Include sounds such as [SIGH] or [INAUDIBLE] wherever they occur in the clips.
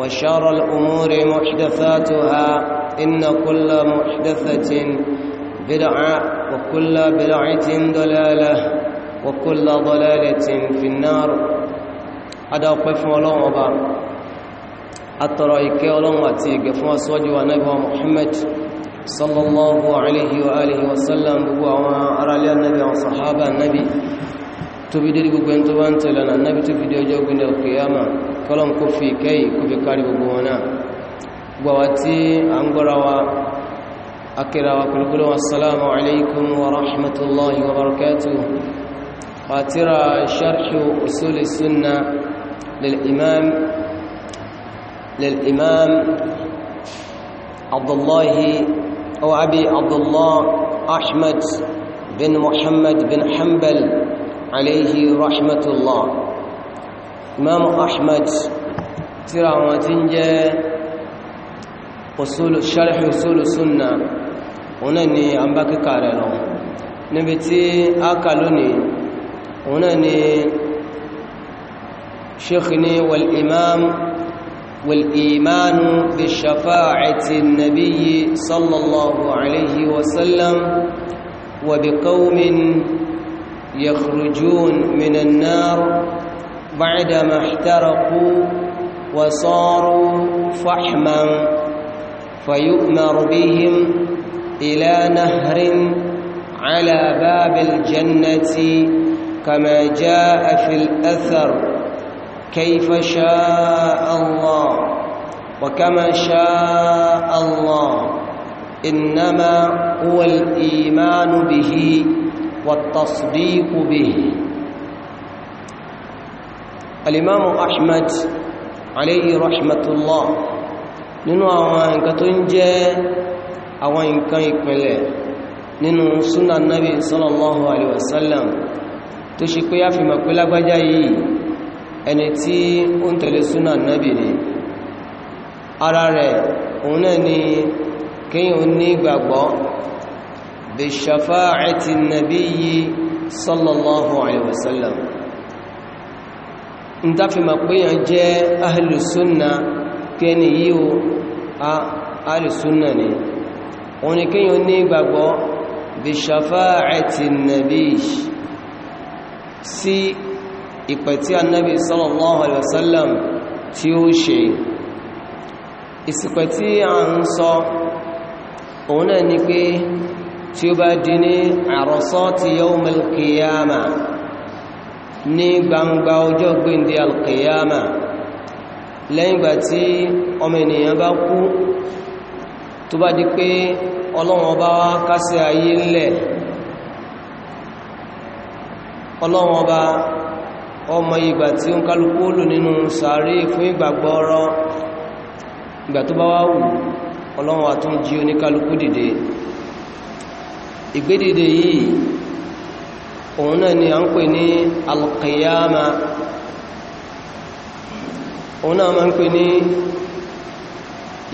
وشر الأمور محدثاتها إن كل محدثة بدعة وكل بدعة ضلالة وكل ضلالة في النار هذا وقف ولوم أبا أترأيك ولوم أتيك فأسوج ونبي محمد صلى الله عليه وآله وسلم وأرى النبي وصحابة النبي تبدل بنت وانت لنا النبي تفيد يجوب القيامة kọlọ́m kó fi kẹ́yì kó fi kárí gbogbo wọn náà gbogbo tí a ń gbọ́ra wa akẹ́ra wa kùlùkùlù wa salamu alaikun wa rahmatullahi wa barakatuh fatira sharhu usuli suna lil'imam abdullahi أو أبي عبد الله أحمد بن محمد بن حنبل عليه رحمة الله imamu ahmad tíra wọn tí ń jẹ́ ṣarhi usulu sunna òun náà ni a ń bá kíkà rẹ̀ lọ níbi tí a kà lónìí òun náà ni sheikh ni wal imam wal imanu bi shafa'ati nabiyyi sallallahu alaihi wasallam wa bi qaumin yakhrujun min an-nar بعدما احترقوا وصاروا فحما فيؤمر بهم إلى نهر على باب الجنة كما جاء في الأثر كيف شاء الله وكما شاء الله إنما هو الإيمان به والتصديق به الإمام أحمد عليه رحمة الله nínú àwọn nǹkan tó ń jẹ́ àwọn nǹkan ìpìnlẹ̀ nínú súnà nábi sallallahu alaihi wasallam tó ṣe pé a fi mọ̀ pé lágbájá yìí ẹni tí ó ń tẹ̀lé súnà nábi ni ara rẹ̀ òun náà ni kíyàn ó ní ìgbàgbọ́ bí sallallahu alaihi wasallam ń tàfi ma pé yàn jẹ́ ahìlùsúnnà kẹni yíò ahìlùsúnnà ni wọ́n ni kíyàn ní ìgbàgbọ́ bí ṣafáàtì nàbí sí ìpẹ̀tí annabi sallallahu alaihi wasallam tí ó ṣe ìsìpẹ̀ tí a ń ni pé tí ó bá di ní àrọ̀sọ́ ti qiyamah ní gbangba ọjọ́ gbíndé alkiyama lẹ́yìn ìgbà tí ọmọ ènìyàn bá kú tó bá di pé ọlọ́wọ́n bá wá kásẹ̀ ayé ńlẹ̀ ọlọ́wọ́n bá ọmọ ìgbà tí ó ń kálukú lò nínú sàárè fún ìgbàgbọ́ ọ̀rọ̀ ìgbà tó bá wá wù ọlọ́wọ́n àtúnjí oníkálukú dìde ìgbédìde yìí òun náà ni a ń pè ní alqiyama òun náà ma ń pè ní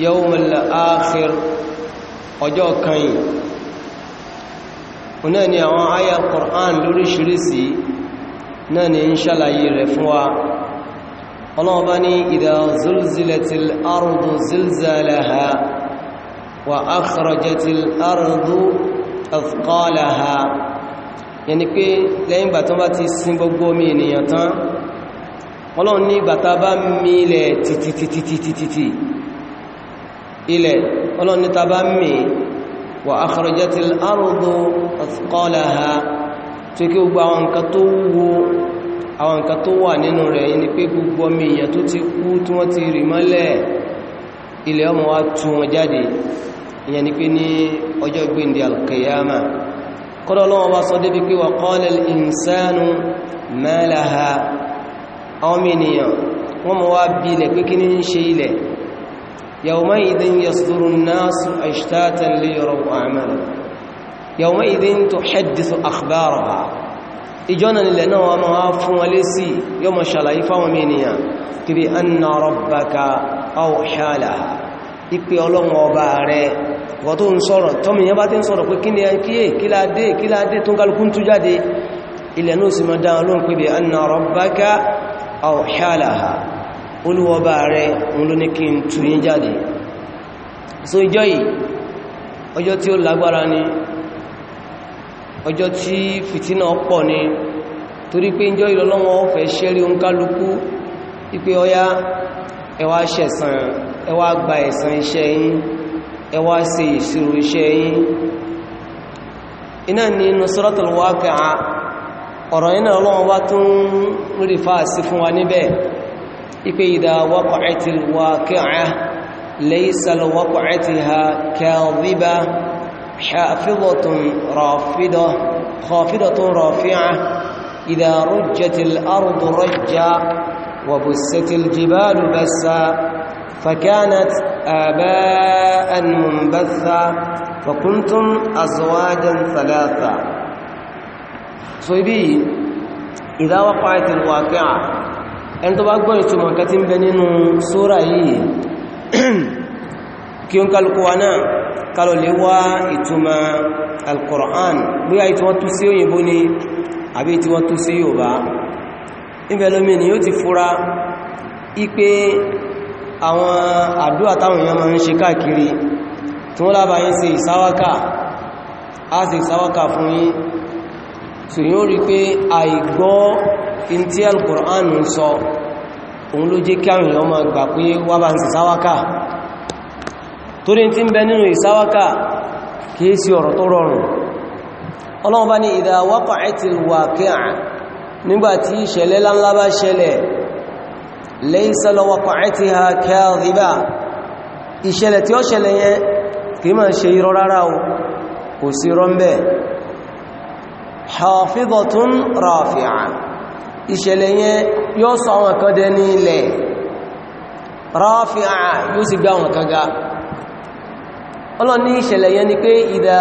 yawmul akhir ọjọ́ kanyìn òun náà ni àwọn àyà Qur'an lóríṣiríṣi náà ni ń ṣàlàyé rẹ̀ fún wa ọlọ́ọ̀bá ní idha zulzilatil ardu zilzalaha wa akhrajatil ardu athqalaha yẹn ni pé lẹ́yìn ìgbà tó bá ti sin gbogbo omi ènìyàn tán ọlọ́run ní ìgbà tá bá mi ilẹ̀ títítítítítítì ilẹ̀ ọlọ́run ní tá bá mi wa akhrajatil ardu athqalaha tó kí gbogbo àwọn nǹkan tó wúwo àwọn nǹkan tó wà nínú rẹ̀ yìí ni pé gbogbo ọmọ èèyàn tó ti kú tí wọ́n ti rì mọ́lẹ̀ ilẹ̀ ọmọ wa tú wọn jáde ìyẹn ni pé ní ọjọ́ gbéǹdé alkiyama kọ́lọ̀ ọlọ́wọ́ bá sọ débi pé wà qala al-insanu ma laha ọmọ ènìyàn wọ́n mọ̀ wá bí ilẹ̀ pé kí ní ń ṣe ilẹ̀ yawma'idhin yasduru an-nasu ashtatan ipe ọlọ́run ọba rẹ̀ wọ́n tó ń sọ̀rọ̀ tọ́mì yẹn bá ti ń sọ̀rọ̀ pé kí ni kíyè kí ládé kí ládé tó ń kálukú ń tú jáde ilẹ̀ náà sì máa dáhùn lóhùn pé bí anna rabbaka awha laha rẹ̀ ń ló ní kí n so ìjọ yìí ọjọ́ tí ó lágbára ni ọjọ́ tí fìtínà pọ̀ ni torí pé ìjọ ìlọ́lọ́wọ́ fẹ́ ṣẹ́rí ẹ wá gba ẹ̀san iṣẹ́ yín ẹ wá ṣe ìṣirò iṣẹ́ yín iná ní Suratul Waqi'a ọ̀rọ̀ iná ọlọ́wọ́ wá tún rí fàásí fún wa níbẹ̀ ipe idha waqa'atil waqi'a laysa liwaqa'atiha kadhiba hafidatun rafidah khafidatun rafi'ah idha rujjatil ardu rajja wa bussatil فكانت آباء منبثة وكنتم أزواجا ثلاثة صيبي إذا وقعت الواقعة أنت بقول ثم كتم بنين سورة هي كيون كالقوانا قالوا لوا إتما القرآن بيا إتما تسيو يبني أبي إتما تسيو با إن بلومين يوتي فرا إكي àwọn àdúrà táwọn èèyàn máa ń ṣe káàkiri tí wọ́n lábàá yín ṣe ìsáwákà á ṣe ìsáwákà fún yín tí yíó rí pé àìgbọ́ in tí al-Qur'an ń sọ òun ló jẹ́ kí àwọn èèyàn máa gbà pé wá bá ń ṣe ìsáwákà torí tí ń bẹ nínú ìsáwákà kìí sí ọ̀rọ̀ tó rọrùn ọlọ́run bá ní idha laysa lawaqa'atiha kadhiba ìṣẹ̀lẹ̀ tí ó ṣẹlẹ̀ yẹn kìí máa ṣe irọ́ rárá o kò sí irọ́ ń bẹ hafidatun rafi'a ìṣẹ̀lẹ̀ yẹn yóò sọ àwọn kan dẹ ní ilẹ̀ rafi'a yóò sì gbá àwọn kan ga ọlọ́ni ìṣẹ̀lẹ̀ yẹn ni pé idha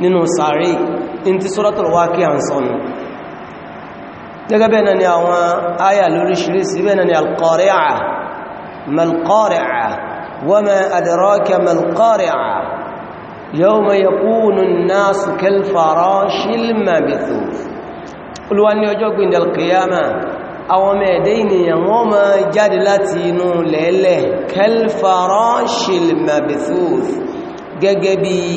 nínú sàárè in ti suratul waqi'a ń sọnù gẹ́gẹ́ bẹ́ẹ̀ náà ni àwọn ayà lóríṣìíríṣìí bẹ́ẹ̀ náà ni al-qari'a mal-qari'a wa ma adraka mal-qari'a yawma yakunu an-nasu kal-farashil mabthuf olúwa ní ọjọ́ gbìndẹ̀ àwọn ọmọ ẹ̀dẹ́ ènìyàn wọ́n ma jáde láti inú lẹ́lẹ̀ kal-farashil mabthuf gẹ́gẹ́ bíi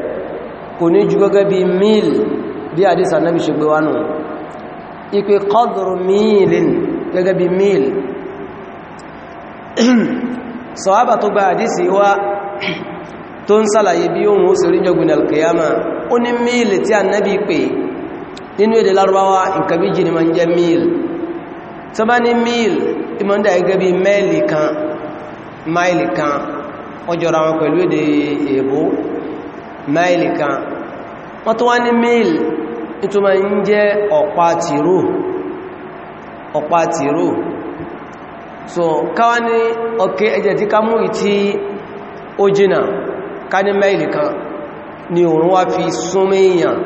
kò ní ju gẹ́gẹ́ bí mil bí àdísà náà bí ṣe gbé wánú ipe qadru milin gẹ́gẹ́ bí mil sọ̀hábà [CLEARS THROAT] tó gba àdísì wá [CLEARS THROAT] tó ń sàlàyé bí ohun ó sì rí jọgbìn alkiyama ó ní mil tí annabi pè nínú èdè Lárúbáwá nǹkan méjì ni ma ń jẹ́ mil tó bá ní mil ìmọ̀ndà gẹ́gẹ́ bí mẹ́lì kan máìlì kan ọjọ́ra wọn pẹ̀lú èdè èbó máìlì kan wọ́n tó wá ní míìlì nítorí ń jẹ́ ọ̀pá ọ̀pá so káwá ní ọ̀kẹ́ ẹjẹ̀ tí ká mú ìtí ó jìnà ká ní máìlì kan ni òun wá fi súnmọ́ èèyàn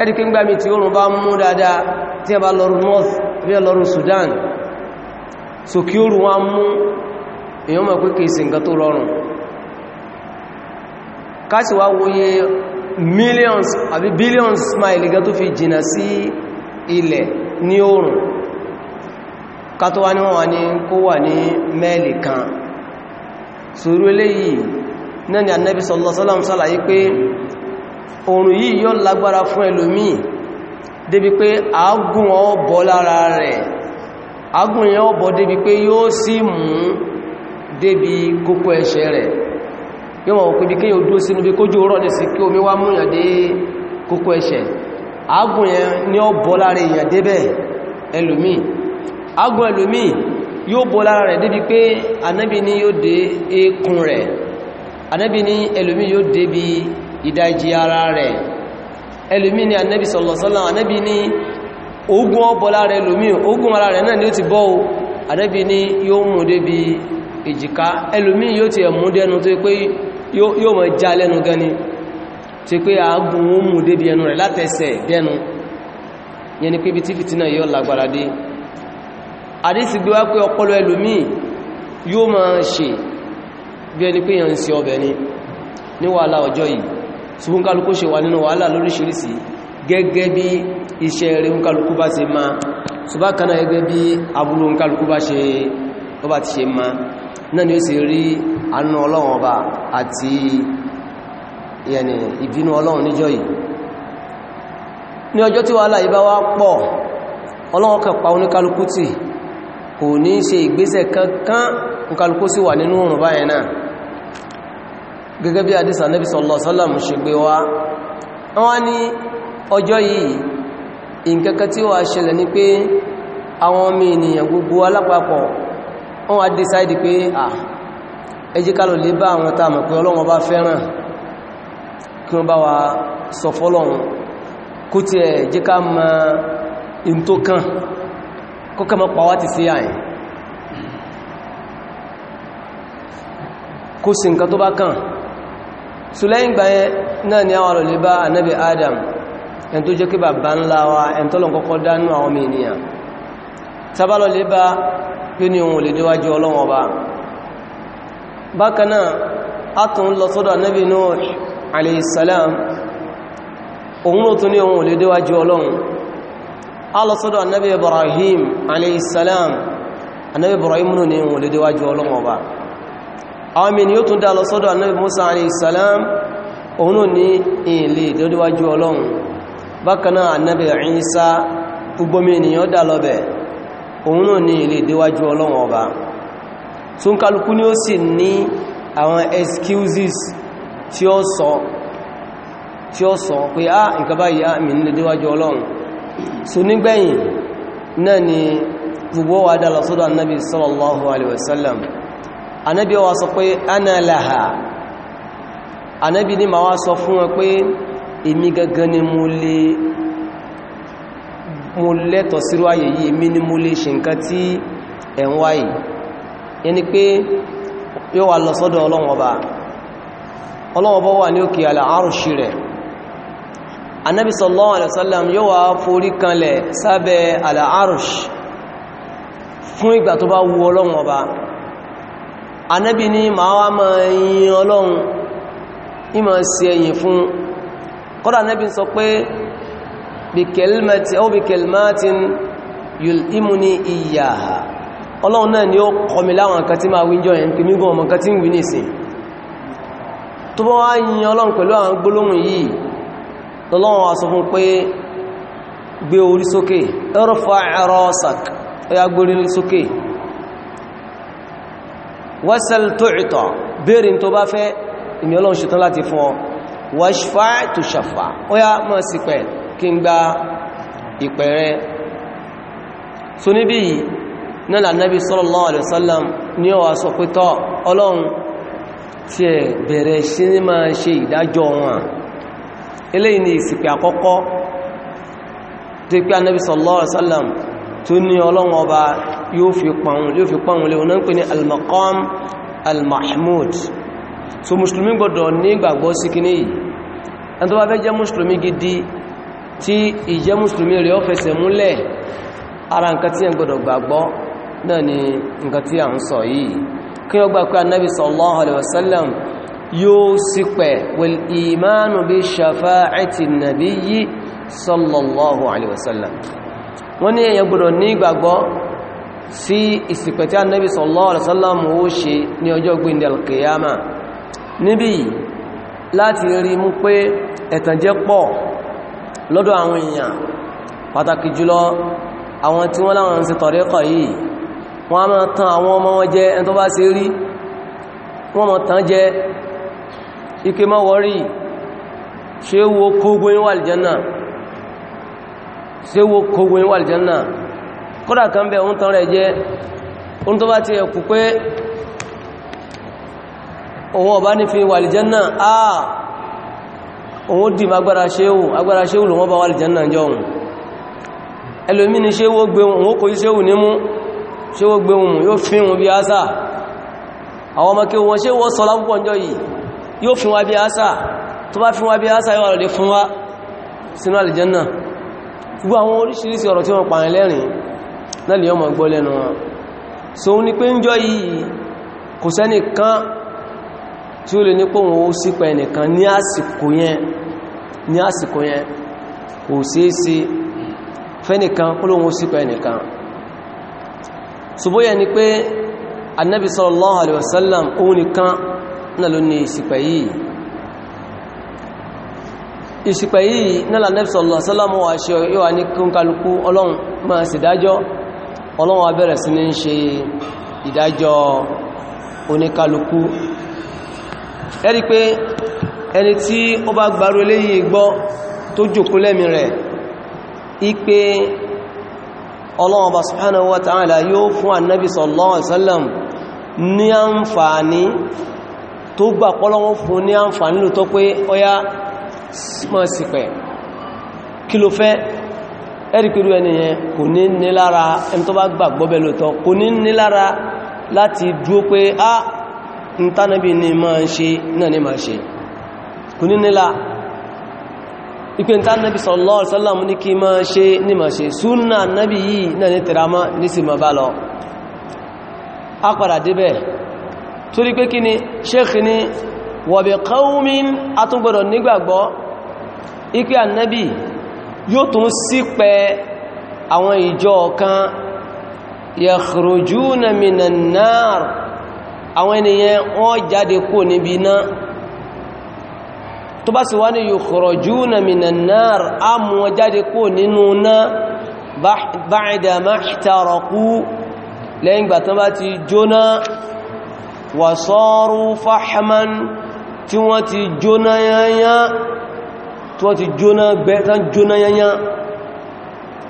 ẹ́dìkí ń gbàmí tí òun bá mú dáadáa tí a bá lọ́rù north bí a Sudan so kí òun wá mú èèyàn mọ̀ pé kìí sí nǹkan tó rọrùn káàsì wá wòye millions àbí billions smile gan tó fi jìnà sí ilẹ̀ ní oòrùn ká tó wá ní wọ́n ní kó wà ní kan sùúrù eléyìí náà ni annabi sallallahu alaihi pé oòrùn yìí yóò lágbára fún ẹlòmíì débi pé àágùn ó bọ́ lára rẹ̀ àágùn yẹn bọ́ débi pé yóò yóò wọ́n pín bí kí yóò dúó sínú bí kójú rọ́ ní sí kí omi wá mú ìyàn dé kókó ẹsẹ̀ agùn yẹn ní ọ bọ́ lára èèyàn débẹ̀ ẹlòmí agùn ẹlòmí yóò bọ́ lára rẹ̀ débi pé anábi ní yóò dé eékún rẹ̀ anábi ní ẹlòmí yóò dé bí ìdajì ara rẹ̀ ẹlòmí ní anábi sọ̀lọ̀sọ́lá anábi yóò ti ẹ̀mú dẹnu tó pé yóò mọ̀ já lẹ́nu gan ni tí pé àágùn ó mú débi ẹnu rẹ̀ látẹsẹ̀ dẹnu yẹn ni pé ibi tí fìtínà yóò lágbára dé àdísì gbé wá pé ọpọlọ ẹlòmíì yóò máa ṣe bí ẹni pé yàn ń ọbẹ̀ ni ní wàhálà ọjọ́ yìí ṣùgbọ́n kálukú ṣe wà nínú wàhálà lóríṣìíríṣìí gẹ́gẹ́ bí iṣẹ́ rẹ̀ ń anú ọlọ́run ọba àti yẹni ìbínú ọlọ́run níjọ́ yìí ní ọjọ́ tí wàhálà ìbá wá pọ̀ ọlọ́run kan pa oníkálukú tì kò ní ṣe ìgbésẹ̀ kankan nkálukú sí wà nínú òrùn báyẹn náà gẹ́gẹ́ bí àdísà nẹ́bí sallallahu alaihi wasallam ṣe gbé wá wọ́n ní ọjọ́ yìí ìǹkankan tí wà ṣẹlẹ̀ ní pé àwọn ọmọ ènìyàn gbogbo decide pé ah ẹjẹ́ kálọ̀ lè bá àwọn tàà mọ̀ pé ọlọ́run bá fẹ́ràn kí wọ́n bá wa sọ fọ́lọ́run kó tí ẹ̀ jẹ́ ká in tó kàn kọ́kà mọ́ pàwá ti sí àyìn kó sì nǹkan tó bá kàn so gbà náà ni àwọn àrọ̀lẹ́ bá anábi Adam ẹn tó jẹ́ kí bàbá ńlá wa ẹn tọ́lọ̀ kọ́kọ́ dánú àwọn ènìyàn tábàlọ́lẹ́ bá pé ní lè déwájú ọlọ́run bákanáà atún lọ sọ́dọ̀ anábì Nuh alaihissalam òun ló tún ní ohun olè déwájú ọlọ́run a lọ sọ́dọ̀ anábì Ibrahim alaihissalam anábì Ibrahim nù ní ohun olè déwájú ọlọ́run ọba àwọn yóò tún dá lọ sọ́dọ̀ anábì Musa òun ní ilé déwájú ọlọ́run so ń kálukú ní ó sì ní àwọn excuses tí ó sọ tí ó sọ pé á ah, nǹkan báyìí á ah, mi nílé déwájú ọlọ́run so nígbẹ̀yìn náà ni gbogbo wa dá lọ annabi sallallahu alaihi wasallam annabi wa sọ pé ana laha annabi ni ma wá sọ fún wọn pé èmi gangan ni mo lè mo lẹ́tọ̀ sírú yìí èmi ni mo lè ṣe nǹkan tí ẹ̀ ń wáyìí yẹni pé yóò wà lọ sọ́dọ̀ ọlọ́run ọba ọlọ́run ọba wà ní òkè àlà àrùsí rẹ̀ anábi sallallahu alaihi wasallam yóò wà forí kanlẹ̀ sábẹ́ àlà àrùsí fún ìgbà tó bá wu ọlọ́run ọba anábi ni ma wá ma yin ọlọ́run ìmọ̀ sí ẹ̀yìn fún kọ́dà anábi sọ pé bí kẹlmátin yul'imuni iyaha ọlọ́run náà ni ó kọmi láwọn nǹkan tí máa wíjọ ẹ̀ ń pè mígùn ọmọ nǹkan tí ń wí nìsìn tó bọ́ wá ọlọ́run pẹ̀lú àwọn gbólóhùn yìí lọ́lọ́run wá sọ fún pé gbé orí sókè irfa rasak ọya wasal tu'ta béèrè tó bá fẹ́ ìní ọlọ́run ṣetán láti fún ọ washfa tushaffa ọya mọ́ sí nílà nẹ́bí sallallahu alaihi wasallam ní ọwà sọ pé tọ́ ọlọ́run tí ẹ bẹ̀rẹ̀ sí ní máa ṣe ìdájọ́ wọn eléyìí ni ìsìnkú àkọ́kọ́ tí pé anẹ́bí sallallahu alaihi wasallam tó ní ọlọ́run ọba yóò fi pọ̀hún yóò fi pọ̀hún lè wọ́n pè ní al-maqam al-mahmud so mùsùlùmí gbọ́dọ̀ ní ìgbàgbọ́ sí kí ní yìí ẹni tó bá fẹ́ jẹ́ mùsùlùmí gidi tí ìjẹ́ mùsùlùmí rẹ̀ ó múlẹ̀ ara nǹkan tí ẹ gbọ́dọ̀ gbàgbọ́ náà ni nǹkan tí a ń sọ yìí kí wọ́n gbà pé anábi sallallahu alaihi wasallam yóò sípẹ̀ wal imanu bi shafa'ati nabiyyi sallallahu alaihi wasallam wọ́n ní èyàn gbọ́dọ̀ ní ìgbàgbọ́ sí ìsìpẹ̀ tí anábi sallallahu alaihi wasallam ó ṣe ní ọjọ́ gbìndẹ̀ alkiyama níbi láti rí mú wọ́n a máa tàn àwọn ọmọ wọn jẹ ẹni tó bá ṣe rí wọ́n mọ̀ tàn jẹ ike mọ́ wọ́rí ṣe wo kógún yíwà aljanna ṣe wo kógún yíwà aljanna kódà kan bẹ̀ oúntàn rẹ̀ jẹ́ oún tó bá ti ẹ̀kù pé òun ọ̀bá ní fi wà aljanna àà òun dì agbára ṣéwù agbára ṣéwù lòun ọba wà aljanna jọ ẹlòmí ni ṣéwù gbé òun kò yí ṣéwù nímú ṣe ó gbé ohun yóò fi hun bí ásà àwọn ọmọ kí wọ́n ṣe wọ́n sọ lápúpọ̀ ọjọ́ yìí yóò fi wá bí ásà tó bá fi wá bí ásà yóò rẹ̀ fún wá sínú àlìjẹ́nà gbogbo àwọn oríṣiríṣi ọ̀rọ̀ tí wọ́n pààrin lẹ́rìn náà lè ọmọ gbọ́ lẹ́nu wọn so ní pé ń jọ yìí kò sẹ́nì kan tí ó lè ní fẹ́nìkan kó lóhun ó sípa ẹnìkan ṣùgbóyẹ ni pé annabi sallallahu alaihi wasallam òun nìkan náà ló ní ìṣìpẹ̀ yìí ìṣìpẹ̀ yìí náà annabi sallallahu alaihi wasallam wà ṣe yíwa ní ọlọ́run máa ṣe ìdájọ́ oníkálukú ọlọ́wọ́ bá subhanahu wa ta'ala yóò fún annabi sallallahu alaihi wasallam ní àǹfààní tó gbà pọ́lọ́wọ́ fún ní àǹfààní lò tó pé ọya mọ́sípẹ̀ kí ló fẹ́ ẹ́rìkìrú ẹniyẹn kò ní nílára kò ní nílára ìpín tá nábi sallallahu alaihi wasallam ní kí máa ṣe ní máa ṣe súnà nábi yìí náà ní tìrámá ní sì máa bá lọ a padà débẹ̀ torí pé kí ni sheikh ni wa bi qawmin atúgbọ̀dọ̀ nígbàgbọ́ ìpín ànábì yóò tún sípẹ́ tó bá sì wá ní yukhrajuna minan nar á mú wọn jáde kó nínú náà ba'da mahtaraqu lẹ́yìn gbà tán bá ti jóná wa saru fahman tí wọ́n ti jóná yányá tí wọ́n ti jóná bẹ́ẹ̀tán jóná yányá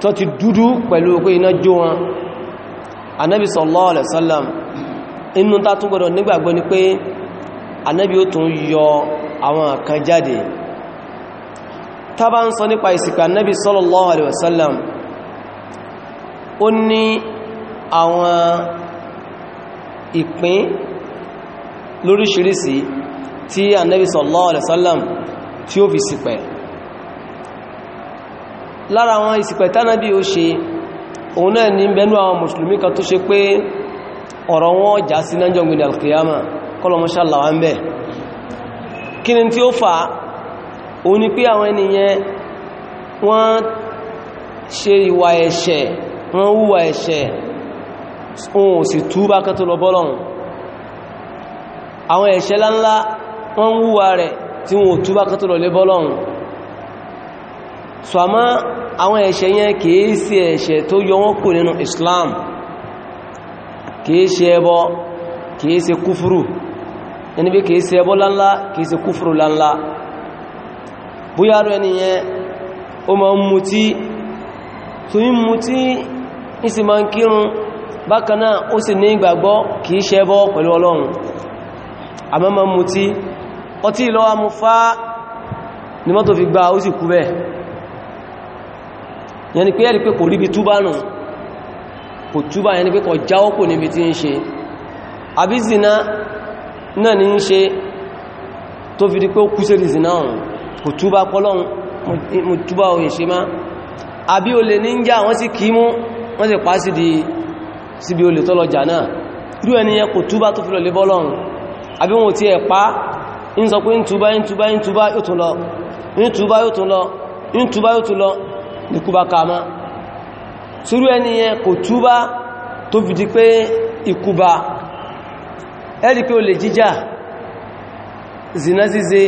tó ti dúdú pẹ̀lú pé iná jó anábi sallallahu àwọn kan jáde tá bá ń sọ nípa ìsìnkú annabi sallallahu alaihi wasallam ó ní àwọn ìpín lóríṣiríṣi tí annabi sallallahu alaihi wasallam tí ó fi sípẹ̀ lára àwọn ìsìnkú tánàbí ó ṣe òun náà ní bẹnu àwọn mùsùlùmí kan tó ṣe pé ọ̀rọ̀ wọn jà sí náà jọ gbìdàl kí ni tí ó fà ó ní pé àwọn ènìyàn wọ́n ṣe ìwà ẹ̀ṣẹ̀ wọ́n hùwà ẹ̀ṣẹ̀ ohun sì túbá kan tó lọ bọ́lọ̀hun àwọn ẹ̀ṣẹ̀ láńlá wọ́n hùwà rẹ̀ tí wọ́n túbá kan tó lọ lé bọ́lọ̀hun so àmọ́ àwọn ẹ̀ṣẹ̀ yẹn kìí sí ẹ̀ṣẹ̀ tó yọ wọ́n kò nínú Islam kìí ṣe ẹbọ kìí ṣe kúfúrù ẹni bí kìí ṣe ẹbọ láńlá kìí ṣe kúfùrù láńlá bóyá rẹ̀ nìyẹn ó ma ń mutí tó yí mutí ìsì ma ń kírun bákanáà ó sì ní ìgbàgbọ́ kìí ṣe ẹbọ pẹ̀lú ọlọ́run àmọ́ ma ń mutí ọtí ìlọ́wà mú fá ní mọ́tò fi gba ó sì kú bẹ́ẹ̀ yẹni pé ẹ̀rí pé kò ríbi túbá nù kò túbá yẹni pé kò jáwọ́ kò níbi tí ń ṣe àbí zina náà ní ń ṣe tó fi di pé ó kú sí ìrìsì náà kò túbá pọ́lọ́un mo túbá òye ṣe má àbí o lè ní ń já wọ́n sì kí mú wọ́n sì pàá sí di síbi olè tọ́lọjà náà irú ẹniyàn kò túbá tó fi pa ń sọ pé ń túbá ń túbá ń túbá yóò tún lọ ń túbá yóò tún lọ ń kò túbá tó fi di pé ìkúbá ẹ́rì pé olè jíjà zina ṣíṣe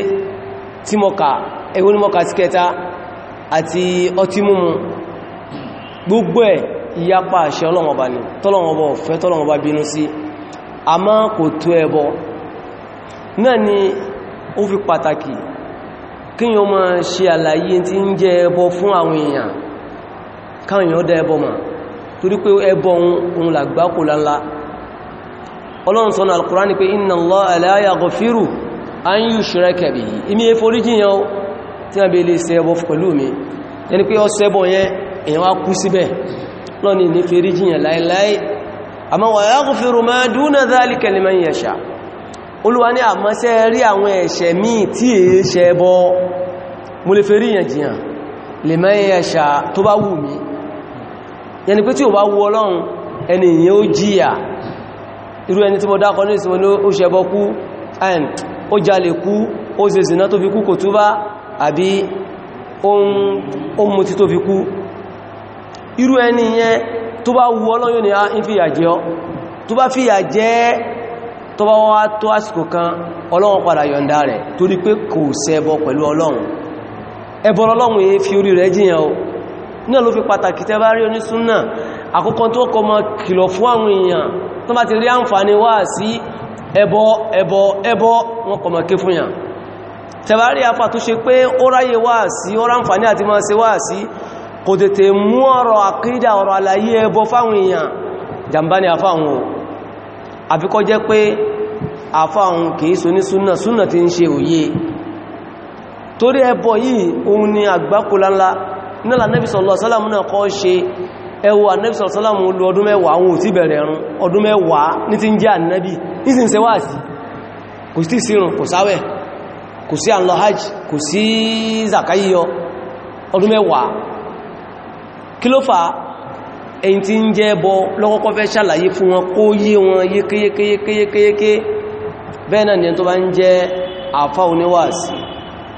tí mọ́ka ẹgbẹ́ ní mọ́ka tíkẹta àti ọtí múmu gbogbo ẹ̀ ìyapa àṣẹ ọlọ́wọ́ba ni tọ́lọ́wọ́ba ọ̀fẹ́ tọ́lọ́wọ́ba bínú sí a máa kò tó ẹbọ náà ni ó fi pàtàkì kíyàn ma ṣe àlàyé tí ń jẹ ẹbọ fún àwọn èèyàn káwọn èèyàn dá ẹbọ mà torí pé ẹbọ òun làgbákò lánlá ọlọ́run sọ́nà alkùránì pé inna Allaha la yaghfiru an yushraka bihi imi e foríjì yẹn o tí a bè lè ṣẹbọ pẹ̀lú mi yẹni pé ọ ṣẹbọ yẹn èyàn wá kú síbẹ̀ lọ́ni ní foríjì yẹn láìláì àmọ́ wa yaghfiru ma duna dhalika liman yasha olúwa ní àmọ́sẹ́ rí ẹni yẹn ó irú ẹni tí mo dákọ ní ìsinmi ní ó ṣẹbọ kú ẹn ó jalè kú ó ṣe zìná tó fi kú kò túbá àbí ohun mutí tó fi kú irú ẹni yẹn tó bá wu ọlọ́yún ni a ah, ń tó bá fìyà tó bá wá tó àsìkò kan ọlọ́run padà yọ̀ǹda rẹ̀ torí pé kò ṣẹbọ pẹ̀lú ọlọ́run ẹbọ ọlọ́run yìí fi orí rẹ̀ jiyàn náà ló fi pàtàkì tẹ́ bá rí onísúnnà àkọ́kọ́ tó kọ mọ́ kìlọ̀ fún àwọn èèyàn tó bá ti rí àǹfààní wá sí ẹbọ ẹbọ ẹbọ wọn kọ mọ́ ké fún yàn tẹ́ bá rí afá tó ṣe pé ó ráyè wá sí ó ráǹfààní àti máa ṣe wá sí kò tètè mú ọ̀rọ̀ àkídà ọ̀rọ̀ àlàyé ẹbọ fáwọn èèyàn nílà Ànábì sallallahu alaihi wasallam náà kọ́ ṣe ẹwọ Ànábì sallallahu alaihi wasallam lu ọdún mẹ́wàá àwọn òtí bẹ̀rẹ̀ ẹ̀rùn ọdún mẹ́wàá ní ti ń jẹ́ Ànábì ìsìn ṣe wáàsí kò sí sírùn kò sáwẹ̀ kò sí àlọ hajj kò sí zakayiyọ ọdún mẹ́wàá tó jẹ́ àfá oníwàásí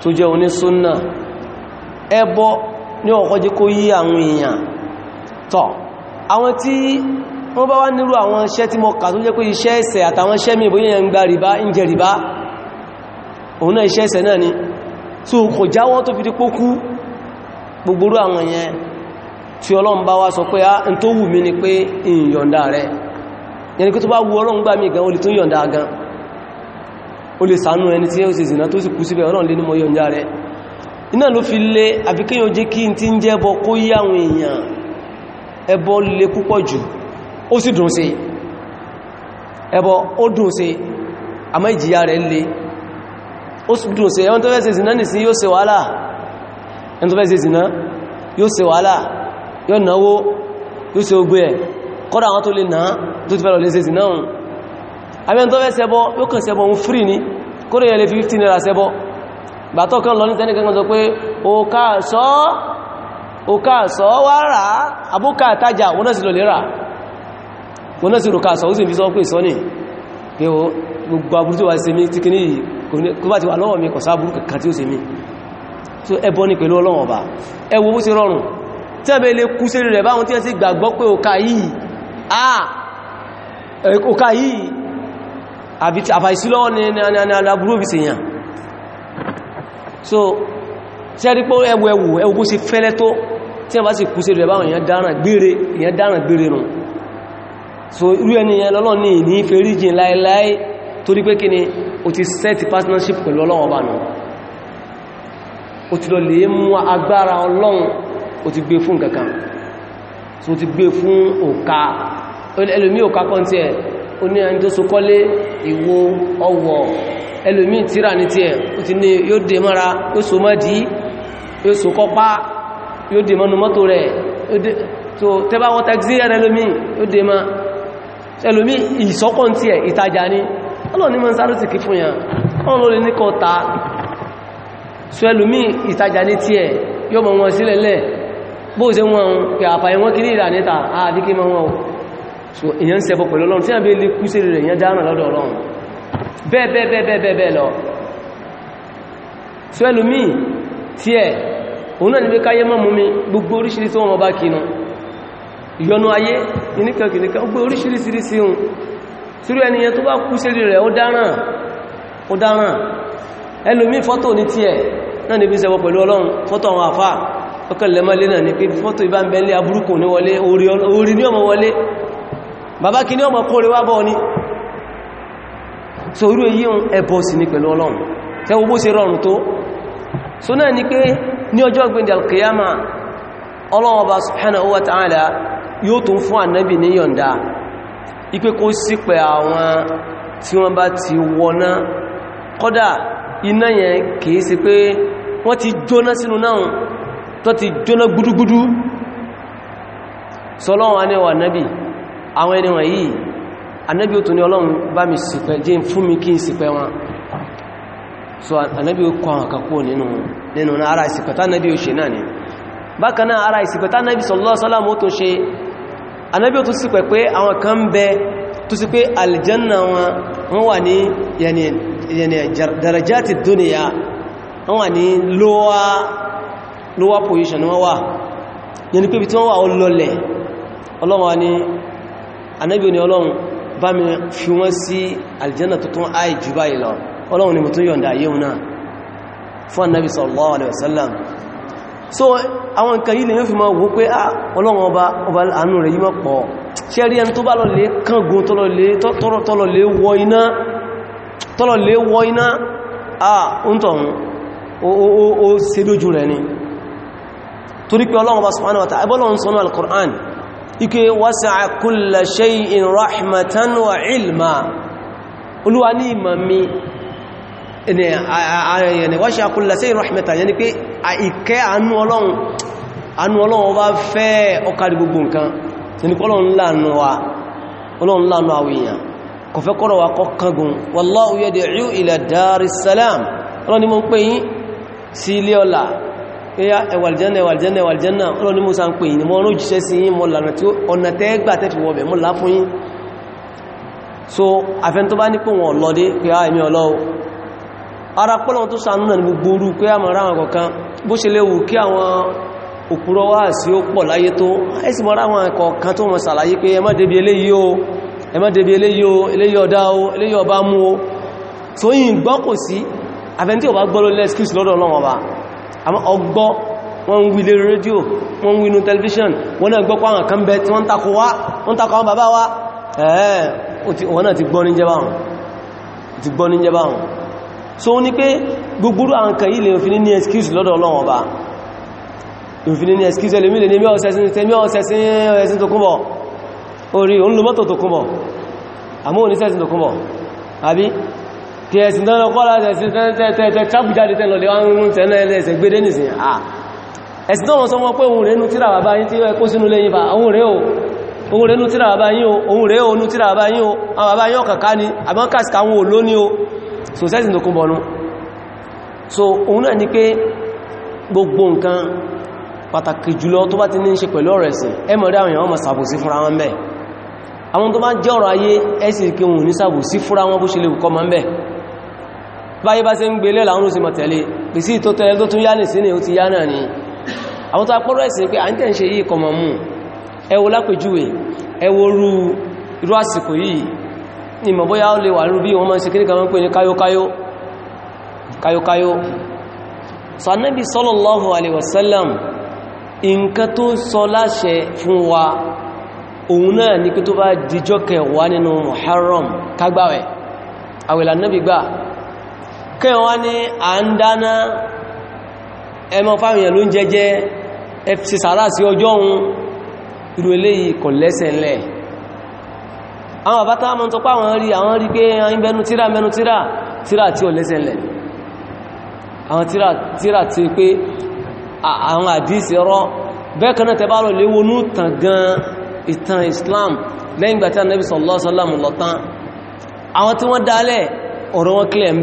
tó ní ọ̀kọ́ jẹ́ kó yí àwọn èèyàn tọ́ àwọn tí wọ́n bá wá nírú àwọn iṣẹ́ tí mọ́ kà tó jẹ́ pé iṣẹ́ ẹ̀ṣẹ̀ àtàwọn iṣẹ́ mi ìbóyẹ̀ ń gba rìbá ń jẹ rìbá òun náà iṣẹ́ ẹ̀ṣẹ̀ náà ni tó kò jáwọ́ tó fi dípó kú gbogboro àwọn yẹn tí Ọlọ́run bá wá sọ ah, ni iná ló fi lé àfikẹ́yàn jẹ́ kí n ti ń jẹ́ ẹbọ kó yí àwọn èèyàn ẹbọ lè púpọ̀ jù ó sì dùn sí ẹbọ ó dùn sí àmọ́ ìjìyà rẹ̀ lè ó sì dùn sí ẹwọ́n tó fẹ́ ṣe zìnà nìsí yóò ṣe wàhálà ẹni tó fẹ́ ṣe zìnà yóò ṣe wàhálà yóò náwó yóò ṣe ogbé ẹ̀ kọ́dà àwọn tó lè náà tó gbàtọ́ kan lọ ní tẹ́nìkan sọ pé òkàṣọ́ wá rà àbúkà àtajà wọ́n náà sì lọ lè rà wọ́n náà sì rò kàṣọ́ ó sì fi sọ pé sọ́nì pé o gbogbo aburú tí wà sí mi tí kìí kó bá ti wà lọ́wọ́ mi kọ̀sá aburú kankan tí ó sì mi so ẹbọ ní pẹ̀lú Ọlọ́run ni aburú òfìsèyàn so tí a rí pé ẹwù ẹwù ẹwù bó ṣe fẹ́lẹ́ tó tí a bá sì kú sí rẹ̀ báwọn èèyàn dáràn gbére èèyàn dáràn gbére nù so irú ẹni yẹn lọ́lọ́ ní ìní fèríjìn láíláí torí pé kíni o ti set partnership pẹ̀lú Ọlọ́run ọba nù o ti lọ lè mú agbára Ọlọ́run o ti gbé fún kankan so o ti gbé fún òka ẹlòmí òka kan tí ẹ o ní ẹni tó so kọ́lé ìwo ọwọ́ ẹlòmíì tíra ní tí ẹ̀ ó ti ní yóò dé mọ́ra yóò so mọ́dí yóò so kọ́pá yóò dé mọ́nu mọ́tò rẹ̀ tó tẹ́bá wọ́n tẹ́gí ẹ̀rẹ́ ẹlòmíì yóò dé mọ́ ẹlòmíì ìsọ́kọ̀ tí ẹ̀ ìtajà ní ọlọ́ni mọ́ sáré sì kí fún yàn ọlọ́run ló lè ní kọ́ ta so ẹlòmíì ìtajà ní tí ẹ̀ yóò mọ̀ wọn sílẹ̀ lẹ̀ bóòsẹ́ wọn pẹ̀ àfàyẹ wọn kí ní ìrà níta àbíkí mọ́ a bí lè kú sí bẹ́ẹ̀bẹ́ẹ̀bẹ́ẹ̀bẹ́ẹ̀ lọ so ẹlòmí tí ẹ̀ òun náà ní pé káyé mọ́mú mi gbogbo oríṣiríṣi wọn ọba kìínu ìyọnu ayé iníkankìníkan gbogbo oríṣiríṣiríṣi hun tíru ẹniyàn tó bá kú sérí rẹ̀ ó dáràn ó dáràn ẹlòmí fọ́tò ní tí ẹ̀ náà níbi sẹ́wọ́ pẹ̀lú ọlọ́run fọ́tò àwọn àfáà ọkànlẹ̀mọ́lé náà ní pé fọ́tò ìbá ń bẹ́lé aburúkù ní wọlé orí ní ọmọ wọlé bàbá kìíní ọmọ kóre wá bọ́ ni so irú èyí ẹbọ sí ní pẹ̀lú Ọlọ́run tẹ́ owó ṣe rọrùn tó so náà ni pé ní ọjọ́ ìgbìndì alkiyama Ọlọ́run Ọba subhanahu wa ta'ala yóò tún fún ànábì ní yọ̀ǹda ipé kó sípẹ̀ àwọn tí wọ́n bá ti wọná kọ́dà iná yẹn kìí sí pé wọ́n ti sọlọ́wọ́n á ní wà nábì àwọn ẹni wọ̀nyí anábí ó tó ní ọlọ́run bá mi ṣìpẹ̀ jẹ́ fún mi kí n ṣìpẹ̀ wọn so anábí ó kọ àwọn kakó nínú nínú ara ìṣìpẹ̀ tánábí ó ṣe náà ni bákanáà ara ìṣìpẹ̀ tánábí sallallahu alaihi wasallam ó tó ṣe anábí ó tó ṣìpẹ̀ pé àwọn darajati duniya wọ́n lower lower position wọ́n wà yẹni pé wa ni anábí ó ní bá mi fi wọ́n sí aljanna tuntun áì jù báyìí lọ ọlọ́run ni mo tún yọ̀nda ayé wọn náà fún annabi sallallahu alaihi wasallam so àwọn nǹkan yìí lè mẹ́fì máa wó pé á ah, ọlọ́run ọba ọba àánú rẹ̀ yí mọ́ pọ̀ ṣe rí ẹni tó bá lọlé kángun tọ́lọlé wọ iná tọ́lọlé wọ iná à ah, ń tọ̀hún ó ṣe lójú rẹ̀ ni torí pé ọlọ́run ọba subhanahu ike wasa kulla shay'in rahmatan wa ilma olúwa ní ìmọ̀ mi ẹni ayẹyẹni wasa kulla shay'in rahmatan yẹni pé ìkẹ́ àánú ọlọ́run àánú ọlọ́run bá fẹ́ ọkàrí gbogbo nǹkan tẹni ọlọ́run láàánú wa ọlọ́run láàánú àwọn èèyàn kò fẹ́ kọ́rọ̀ wa kọ́ kangun wallahu yad'u ila daris salam ọlọ́run ni mo ń pè yín sí ilé ya ẹwàljanna ẹwàljanna ẹwàljanna ọlọ́ ní musa ń pè ní mọ́rún òjíṣẹ́ sí yí mọ́ lànà tí ọ̀nà tẹ́gbà tẹ́fì wọ́bẹ̀ mọ́ lá fún yí so afẹ́ tó bá ní pé wọn lọ́dé pé á ẹ̀mí ọlọ́ ara pọ́lọ̀ tó sànú náà ní gbogbo orú pé àmọ́ ráwọn kọ̀ọ̀kan bó ṣe léwu kí àwọn òkúrọ̀ wá sí ó pọ̀ láyé tó ẹ̀sì mọ́ ráwọn kọ̀ọ̀kan tó mọ̀ sàlàyé pé so yìí gbọ́ kò sí afẹ́ tí ò bá gbọ́ ló excuse lọ́dọ̀ ọlọ́wọ́n ọba àmọ́ ọgbọ́ wọ́n ń wí lé rédíò wọ́n ń wí ní tẹlifíṣàn wọ́n náà gbọ́ pé àwọn kan bẹ tí wọ́n takò wá wọ́n takò àwọn bàbá wa ẹ̀ẹ́ wọ́n náà ti gbọ́ ní jẹba wọn so ní pé gbogbo àwọn kan yìí lè fi ní excuse lọ́dọ̀ Ọlọ́run Ọba ìfìní ní excuse ẹlòmí lè ní mẹ́ ọ̀sẹ̀sìn Tòkunbọ̀ orí òun lo mọ́tò Tòkunbọ̀ àmọ́ òní sẹ́sìn Tòkunbọ̀ àbí tí ẹ̀sìn tán lọ kọ́lá ẹ̀sìn tẹ́tẹ́tẹ́ tábùjáde tẹ́lọ lè wọ́n rún tẹ́lẹ̀ ẹ̀sẹ̀ gbédé nìsìn à ẹ̀sìn tán wọ́n sọ wọ́n pé ohun rẹ̀ nú tíra bàbá yín tí ni àbọ́n kàsìkà wọn ò ló ní so sẹ́sìn tó kún bọ̀nú so òun náà ni pé gbogbo nǹkan pàtàkì jùlọ tó bá ti ní ṣe pẹ̀lú ọ̀rọ̀ ẹ̀sìn ẹ mọ̀ èèyàn mọ̀ sàbòsí fúnra wọn bẹ́ẹ̀ àwọn tó bá jẹ́ ọ̀rọ̀ ayé ẹ̀sìn kí ní sàbòsí fúnra wọn bó ṣe lè kọ́ mọ́ bẹ́ẹ̀ báyé bá ṣe ń gbélé làwọn ó sì mọ̀ tẹ̀lé pèsè tó tẹ́lẹ̀ tó tún yá nì sí ní ó ti yá náà ni àwọn tó apọ́rọ̀ ẹ̀sìn pé à ń tẹ̀ ń ṣe yìí kọmọ̀ mú ẹwọ lápèjúwe ẹwọ rú irú àsìkò yìí ni ó lè wà rú bí wọ́n wasallam nǹkan tó sọ láṣẹ fún wa òun náà ní pé tó bá dijọ́ kẹwàá kí wọ́n ní à ń dáná ẹmọ fáwìyàn ló ń jẹjẹ ẹfẹ́ sàárà sí ọjọ́ ohun irú eléyìí kò lẹ́sẹ̀ lẹ̀ àwọn bàbá táwọn mọ́ tọpá àwọn rí àwọn rí pé ayin bẹnu tíra mẹnu tíra tíra tí ò lẹ́sẹ̀ lẹ̀ àwọn tíra tí pé àwọn àdísì ọ̀rọ̀ bẹ́ẹ̀ kan lọ léwo tàn gan ìtàn Islam lẹ́yìn gbàtí Ànábì sallallahu alaihi wasallam lọ tán àwọn tí wọ́n dálẹ̀ ọ̀rọ̀ wọn kílẹ̀ ń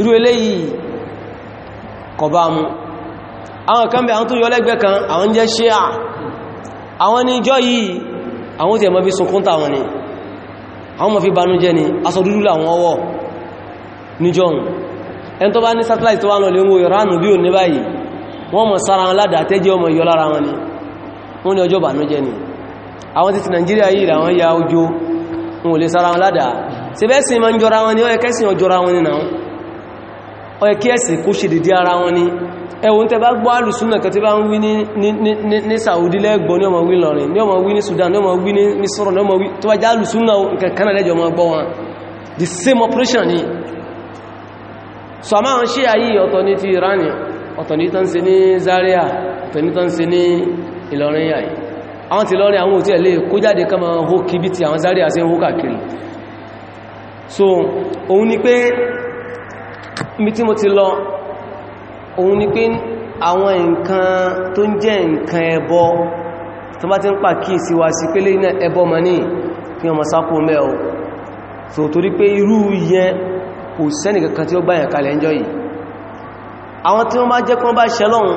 irú eléyìí kọba mú àwọn kan bẹ àwọn tó yọlẹ́gbẹ́ kan àwọn jẹ́ ṣíà àwọn ní ìjọ yìí àwọn tí ẹ̀mọ́ bí sunkún tàwọn ni àwọn mọ̀ fi banú jẹ́ ni aṣọ dúdú làwọn ọwọ́ níjọ́ ẹn tó bá ní satellite tó wà náà lè ń wo ìránù bí ò ní báyìí wọ́n mọ̀ sára wọn ládàá tẹ́jẹ́ ọmọ ìyọ lára wọn ni wọ́n ni ọjọ́ bànújẹ́ ni àwọn ti ti Nàìjíríà yìí làwọn ya ojo wọn ò lè sára wọn ládàá sí bẹ́ẹ̀ sí ma ń jọra wọn ni ó yẹ kẹ́sìn ọjọ́ra wọn ni náà ó yẹ kí ẹ̀sìn kó ṣe dédé ara wọn ni ẹwọ́n tẹ bá gbọ́ alùsúnà kan tí bá ń wí ní Saudi lẹ́gbọ́ ní ọmọ wí lọ́rin ní ọmọ wí ní Sudan ní ọmọ wí ní Misoro ní ọmọ wí tó bá já alùsúnà kankaná the same operation ni so a máa ń ṣe ayé ọ̀tọ̀ ní ti Iran ọ̀tọ̀ ní tán ṣe ní Zaria ọ̀tọ̀ kama hó kí bí ti àwọn so òun ni pé mi tí mo ti lọ òun ni pé àwọn nǹkan tó ń jẹ́ nǹkan ẹbọ tó bá ti ń pà kí ìsíwá sí pélé iná ẹbọ mọ̀ ní kí ọmọ sápò mẹ́ o so torí pé irú yẹn kò sẹ́nì kankan tí ó gbáyàn kalẹ̀ ẹjọ́ yìí àwọn tí wọ́n bá jẹ́ kán bá ṣẹlọ́run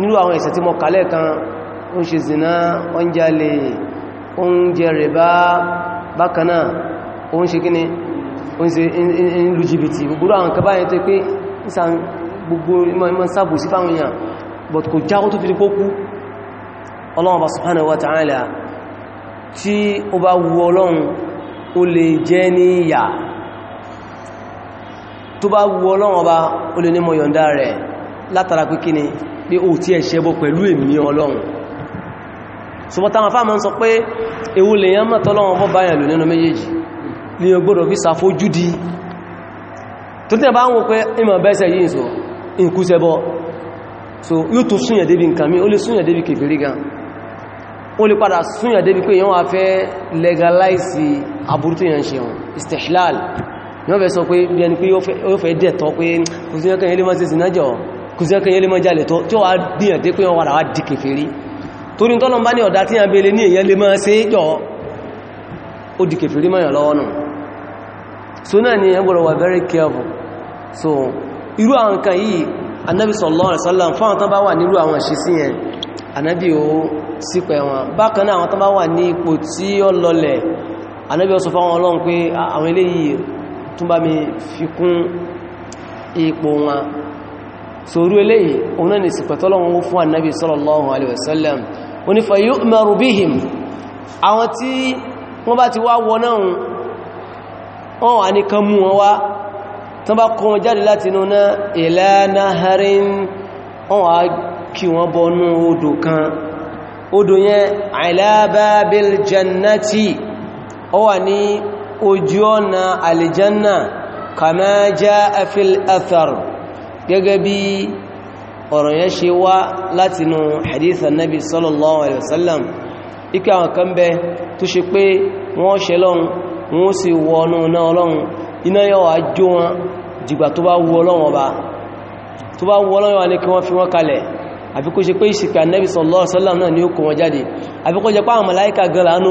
nínú àwọn ìṣẹ̀ tí mo kalẹ̀ kan ó ń ṣe zina ó ń jalè ó ń bákanáà ó ń ṣe kíni ń ṣe ń lu jìbìtì gbogbo àwọn kẹba yẹn tó pé ìsàn gbogbo ìmọ̀ sábò sí fáwọn èèyàn but kò já tó fi kókú ọlọ́run bá subhanahu wa ta'ala tí ó bá wu ọlọ́run ó lè jẹ́ ní ìyà tó bá wu ọlọ́run ọba ó lè ní mọ̀ yọ̀ǹda rẹ̀ látara pé kíni pé ó tí ẹ̀ ní ọgbọ́dọ̀ fi sàfójúdí tó tí a bá ń wọ pé ìmọ̀ bẹ́ẹ̀sẹ̀ yìí sọ ìkúsẹ́bọ́ so yóò tó súnyà débi nǹkan mi ó lè súnyà débi kèfèrí gan ó lè padà súnyà débi pé yán wà fẹ́ legalize aburú tó yàn ṣeun istihlal yán fẹ́ sọ pé bí ẹni pé yóò fẹ́ dẹ̀tọ́ pé kùsíyànkẹ́ yẹlé máa ṣe sínájọ́ kùsíyànkẹ́ yẹlé máa jalè tọ́ tí ó wá gbìyàn dé mọ́yàn lọ́wọ́ so náà ni ẹgbọ́rọ̀ wà very careful so irú àwọn nǹkan yìí anábì sallallahu alaihi wasallam fáwọn tán bá wà nílùú àwọn ìṣesí yẹn anábì ó sípẹ̀ wọn bákan náà àwọn tán bá wà ní ipò tí ó lọlẹ̀ anábì ó sọ fáwọn ọlọ́run pé àwọn eléyìí tún bá mi fi kún sallallahu alaihi wasallam onífà yu'maru bihim àwọn tí wọ́n bá ti wọ́n wà ní kan mú wọn wá tán bá kọ́ wọn jáde láti inú náà ila naharin wọ́n wà kí wọ́n bọnú odò kan odò yẹn ala babil jannati ó wà ní ojú ọ̀nà alìjanna kama jaa fil athar gẹ́gẹ́ bí ọ̀rọ̀ yẹn ṣe wá látinú hadith annabi sallallahu alaihi wasallam ike àwọn kan bẹ tó ṣe pé wọ́n ṣe lọ́run wọ́n sì wọnú náà ọlọ́run iná yọ wà jó wọn dìgbà tó bá wù ọlọ́run ọba tó bá wù ọlọ́run wà ní kí wọ́n fi wọ́n kalẹ̀ àbí kó ṣe pé ìṣìkà nẹ́bí sallallahu alaihi wasallam náà ni ó kó wọn jáde àbí kó jẹ pé àwọn màláíkà gan láàánú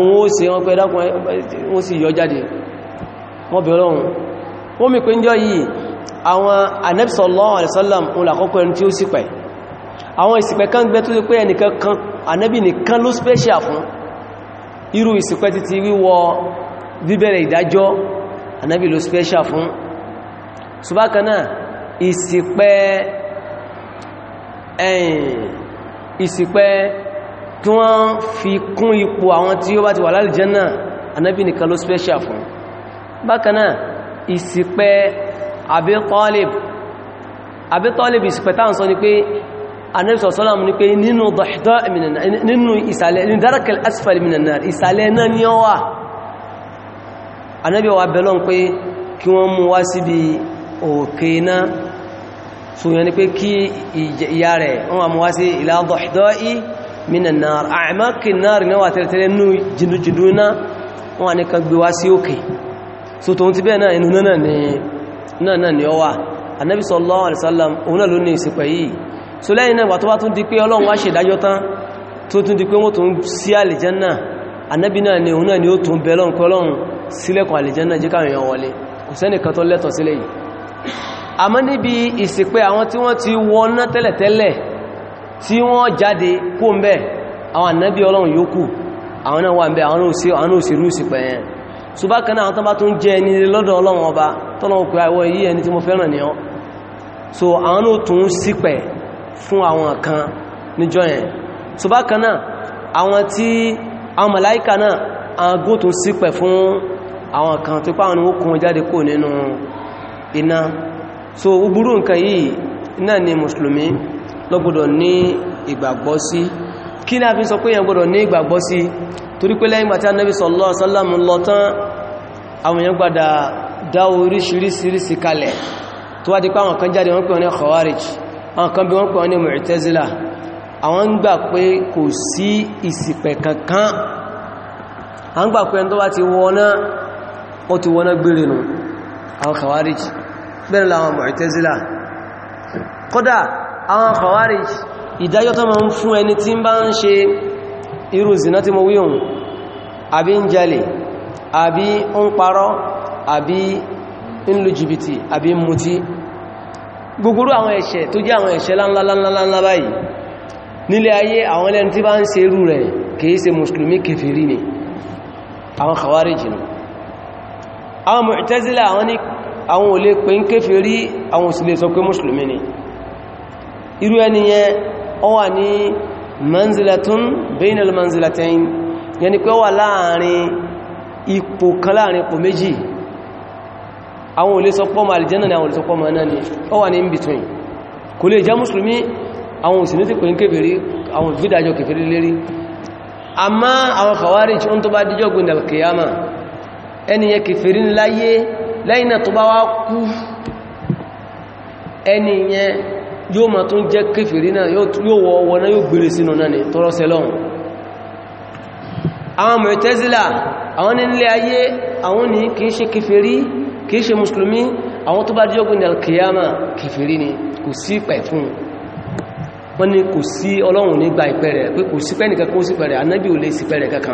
wọn special fún irú ìsìpẹ̀ bíbẹ̀rẹ̀ ìdájọ́ anábì ló special fún ṣùgbákaná ìsìpẹ́ ẹ̀yìn ìsìpẹ́ tí wọ́n fi kún ipò àwọn tí ó bá ti wà lálìjánnà anábì nìkan ló special fún bákaná ìsìpẹ́ Abi Talib Abi Talib ìsìpẹ́ táà ń sọ ni pé anábì sọ̀sọ́lá mú ní pé nínú ìsàlẹ̀ nínú darakal ìsàlẹ̀ náà ni ó wà anábí wa bẹ̀lọ́n pé kí wọ́n mú wá síbi òkè náà so yẹn ni pé kí ìyá rẹ̀ wọ́n wà mú wá sí ila duhda'i minan nar a'maqin nar náà wà tẹ́lẹ̀tẹ́lẹ̀ nú jìndújìndú náà wọ́n wà ní kan gbé wá sí òkè so tóun ti bẹ́ẹ̀ náà inú náà ni ó wà anábí sallallahu alaihi wasallam òun náà ló ní ìsìpẹ̀ yìí so lẹ́yìn náà wà tún di pé ọlọ́run wá ṣèdájọ́ tán tó tún di pé wọ́n tún sí àlìjánnà anábí náà ni òun náà ni ó tún bẹ sílẹ̀kùn àlìjẹ́nà jẹ́ káwọn èèyàn wọlé kò sẹ́nìkan tó lẹ́tọ̀ sílẹ̀ yìí àmọ́ níbi ìsìnpẹ́ àwọn tí wọ́n ti wọná tẹ́lẹ̀tẹ́lẹ̀ tí wọ́n jáde kó ń bẹ́ àwọn ànábí ọlọ́run yòókù àwọn náà wà ń bẹ́ àwọn òṣèrú ìsìnpẹ́ yẹn ṣùgbákaná àwọn tó bá tún jẹ́ ẹni tí ni ọ́ so àwọn náà tún sípẹ̀ fún àwọn kan náà àwọn sípẹ̀ fún àwọn kan tó pàwọn ó kún jáde kò nínú iná so gbúrú nǹkan yìí náà ni mùsùlùmí ló gbọ́dọ̀ ní ìgbàgbọ́ sí kí ní a fi sọ pé èyàn gbọ́dọ̀ ní ìgbàgbọ́ sí torí pé lẹ́yìn gbàtí anábì sallallahu alaihi wasallam lọ tán àwọn èyàn gbàdà dá oríṣiríṣiríṣi kalẹ̀ tó wá di pé àwọn kan jáde wọ́n ń gbà pé kò sí ìsìpẹ̀ kankan àwọn gbà pé ẹni tó wá ti wọ́n náà wọ́n ti wọ́n gbére nù àwọn khawarij bẹ́rẹ̀ láwọn mu'tazila kódà àwọn khawarij ìdájọ́ tó máa ń fún ẹni tí ń bá ń ṣe irú zina tí mo wíhùn àbí ń jalè àbí ń parọ́ àbí ń lu jìbìtì àbí ń mutí gbogbo àwọn ẹ̀ṣẹ̀ tó jẹ́ àwọn ẹ̀ṣẹ̀ láńláńláńlá báyìí nílé ayé àwọn ẹlẹ́ni tí bá ń ṣe irú rẹ̀ kìí ṣe mùsùlùmí kèfèrí ni àwọn khawarij ni àwọn Mu'tazila àwọn ní àwọn ò lè pè ń kèfèrí àwọn òsìlè sọ pé mùsùlùmí ni irú ẹni yẹn ó wà ní manzilatun bainal manzilatayn yẹn ni pé ó wà láàrin ipò kan láàrin ipò méjì àwọn ò lè sọ pọ́ ma aljanna ni àwọn ò lè sọ pọ́ ma náà ni ó wà ẹniyẹ kèfèrí ní láyé lẹ́yìn náà tó bá wá kú ẹniyẹ yóò ma tún jẹ́ kèfèrí náà yóò wọ ọwọ́ náà yóò gbèrè sínú náà ni tọ́rọ sẹlọ́un àwọn Mu'tazila àwọn nílé ayé àwọn ní kìí ṣe kèfèrí kìí ṣe mùsùlùmí àwọn tó bá di ọgbìn alkiyama ni kò sí pẹ̀ fún wọn ni kò sí ọlọ́run nígbà ìpẹ̀rẹ̀ pé kò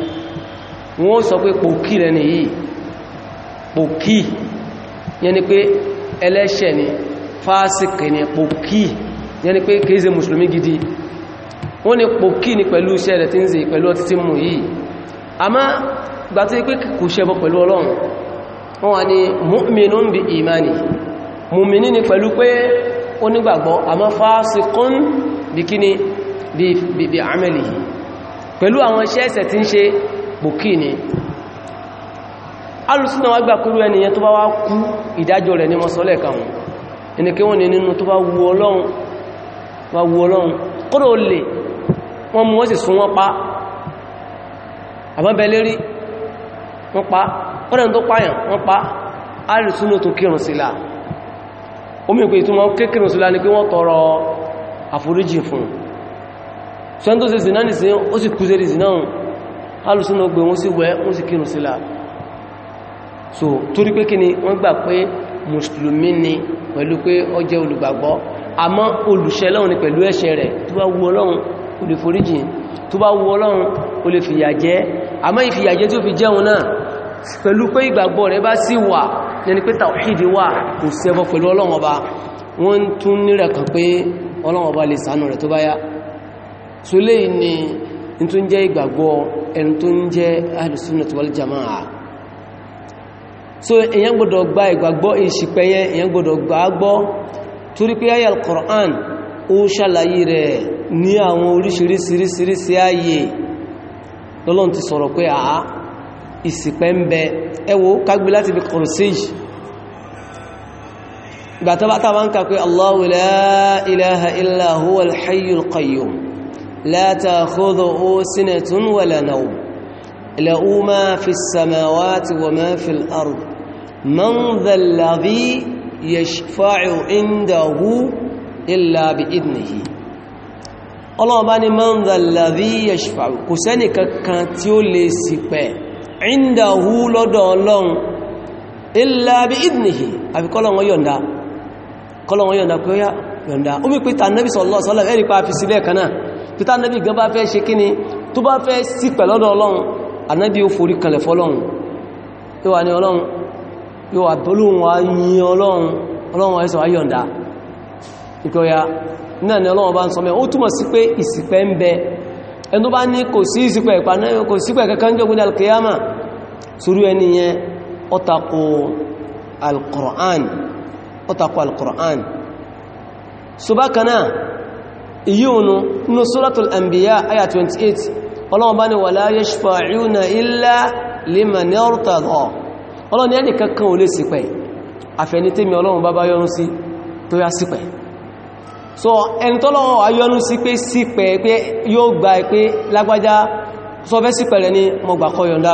wọ́n sọ pé pòkí rẹ̀ ni yìí pòkí yẹn ni pé ẹlẹ́ṣẹ̀ ni fásíkì ni pòkí yẹn pé kìí ṣe gidi wọ́n ni pòkí ni pẹ̀lú iṣẹ́ rẹ̀ tí ń ṣe pẹ̀lú ọtí tí mú yìí àmá gbà tí pé kò ṣẹbọ pẹ̀lú ọlọ́run bi imani mùmìnì ni pẹ̀lú pé ó nígbàgbọ́ àmá fásikún bí kíni bí amẹ́lì pẹ̀lú àwọn iṣẹ́ ẹ̀ṣẹ̀ tí ń ṣe pòkí ni alùsùn náà gbà kúrú ẹniyàn tó bá wá kú ìdájọ́ rẹ̀ ní mọ́sọ́lẹ̀ kàwọn ẹnikẹ́ wọ́n ni nínú tó bá wu ọlọ́run kọ́rọ̀ olè wọ́n mú wọ́n sì sún wọ́n pa àbábẹ̀ lérí wọ́n pa ọ̀rẹ́ tó pààyàn wọ́n pa alùsùn náà tó kírun sílá ni pé wọ́n tọrọ àforíjì fún sọ́n tó ṣe zìnà nìsín ó sì kú sí alùsùnà gbé wọ́n sí wẹ́ wọ́n sì kírùn sílá so torí pé kí ni wọ́n gbà pé mùsùlùmí ni pẹ̀lú pé ó jẹ́ olùgbàgbọ́ àmọ́ olùṣẹ̀ Ọlọ́run ni pẹ̀lú ẹ̀ṣẹ̀ rẹ̀ tó bá wu Ọlọ́run ó lè foríjì tó bá wu Ọlọ́run ó lè fìyà jẹ àmọ́ ìfìyàjẹ tí ó fi jẹun náà pẹ̀lú pé ìgbàgbọ́ rẹ̀ bá sì wà nẹni pé tàwíìdì wà kò ṣẹbọ pẹ̀lú Ọlọ́run Ọba ni ní tó ń jẹ́ ìgbàgbọ́ ẹni tó ń jẹ́ ahlus-sunnah wal so èyàn gbọ́dọ̀ gba ìgbàgbọ́ ìṣìpẹ̀yẹ èyàn gbọ́dọ̀ gbàgbọ́ torí pé ayà al-Qur'an ó ṣàlàyé rẹ̀ ní àwọn oríṣiríṣiríṣiríṣi ayé lọ́lọ́n ti sọ̀rọ̀ pé àá ìsìpẹ́ ń bẹ kà pé Allahu la ilaha illa huwal hayyul qayyum لا تأخذه سنة ولا نوم له ما في السماوات وما في الأرض من ذا الذي يشفع عنده إلا بإذنه الله باني من ذا الذي يشفع كساني كانتيو لسيبه عنده لدو الله إلا بإذنه أبي قولوا يوندا قولوا يوندا كويا يوندا أمي كويتا النبي صلى الله عليه وسلم أريكا في سبيل كنا títà nẹ́bí gan bá fẹ́ ṣe kí ni tó bá fẹ́ sí pẹ̀lọ́dọ̀ ọlọ́run ànẹ́bí ó forí kalẹ̀ fọ́lọ́run yóò wà ní ọlọ́run yóò wà bọ́lóhun wá yìn ọlọ́run ọlọ́run ẹ̀sọ̀ ayọ̀ǹda ìkọ̀yà náà ni ọlọ́run bá ń sọ mẹ́ ó túmọ̀ sí pé ìsìpẹ́ ń bẹ ẹni tó so bákanáà ìyíònú inú suratul anbiya aya 28 ọlọ́wọ́ bá ní wala yashfa'una illa liman irtada ọlọ́wọ́ ni ẹni kankan ò lè sípẹ̀ àfẹnitémi ọlọ́wọ́ bá bá yọ́nú sí tó yá sípẹ̀ so ẹni tọ́lọ́wọ́ ayọ́nú sí pé sípẹ̀ pé yóò gba pé lágbájá sọ fẹ́ sípẹ̀ rẹ̀ ní mọ́gbàkọ́ yọ̀ndá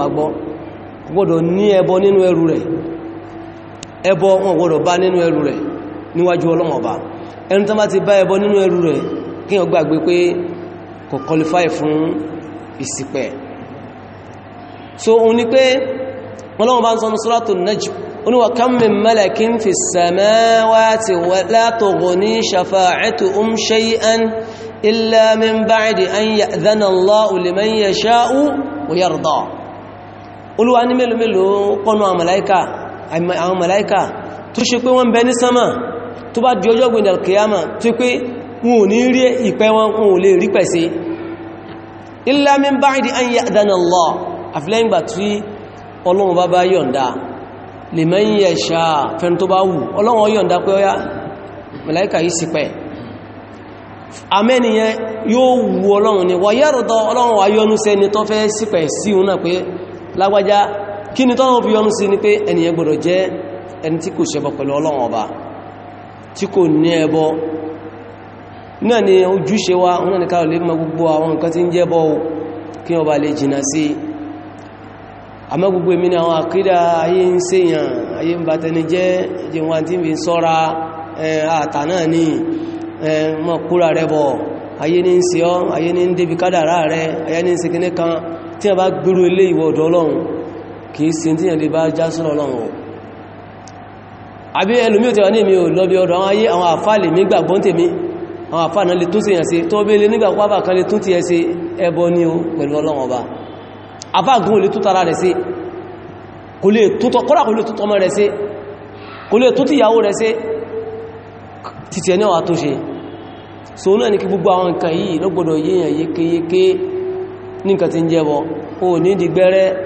bá gbọ́ gbọ́dọ̀ ní ẹbọ nínú ẹrù rẹ̀ ẹbọ wọn gbọdọ̀ bá nínú ẹrù rẹ̀ níwájú Ọlọ́run Ọba ẹni tó bá ti bá ẹbọ nínú ẹrù rẹ̀ kí wọ́n gbàgbé pé kò qualify fún ìsìpẹ̀ so òun ni pé Ọlọ́run bá ń sọ Suratul Najm oni wa kam min malakin fi samawati wa la tughni shafa'atuhum àwọn màláíkà tó ṣe pé wọ́n bẹ ní sánmà tó bá di ọjọ́ gbìyànjẹ́ kìyàmà tó pé wọn ò ní rí ìpẹ́ wọn kún ò lè rí pẹ̀sí illa min ba'di an ya'dana Allah àfilẹ́yìngbà tí ọlọ́run bá bá yọ̀ǹda liman yasha fẹ́n tó kí ni tọ́nà bí yọnú sí je pé ẹniyàn gbọdọ̀ jẹ́ ẹni tí kò ṣẹbọ pẹ̀lú Ọba tí kò ní ẹbọ náà ni ojúṣe wa náà ni káàlù lè mọ gbogbo àwọn nǹkan tí ń jẹ́bọ kí ọba lè jìnà sí àmọ́ gbogbo ni àwọn àkídà ayé ń tí ni kan gbúrú ilé kìí ṣe tí yẹn lè bá já sọ́rọ̀ ọlọ́run àbí ẹlòmí òtẹ̀wà ní mi ò lọ́bí ọdọ̀ àwọn ayé àwọn àfáàlè mi gbàgbọ́ tèmi àwọn àfáàná lè tún tèyàn sí tó bèèlè nígbà pàbà kan lè tún ti ẹsẹ ẹbọ ní o pẹ̀lú ọlọ́run ọba àfáàgùn lè tún tara rẹ̀ so náà ni kí gbogbo àwọn nǹkan yìí lọ́gbọ́dọ̀ yéèyàn o ní dìgbẹ́rẹ́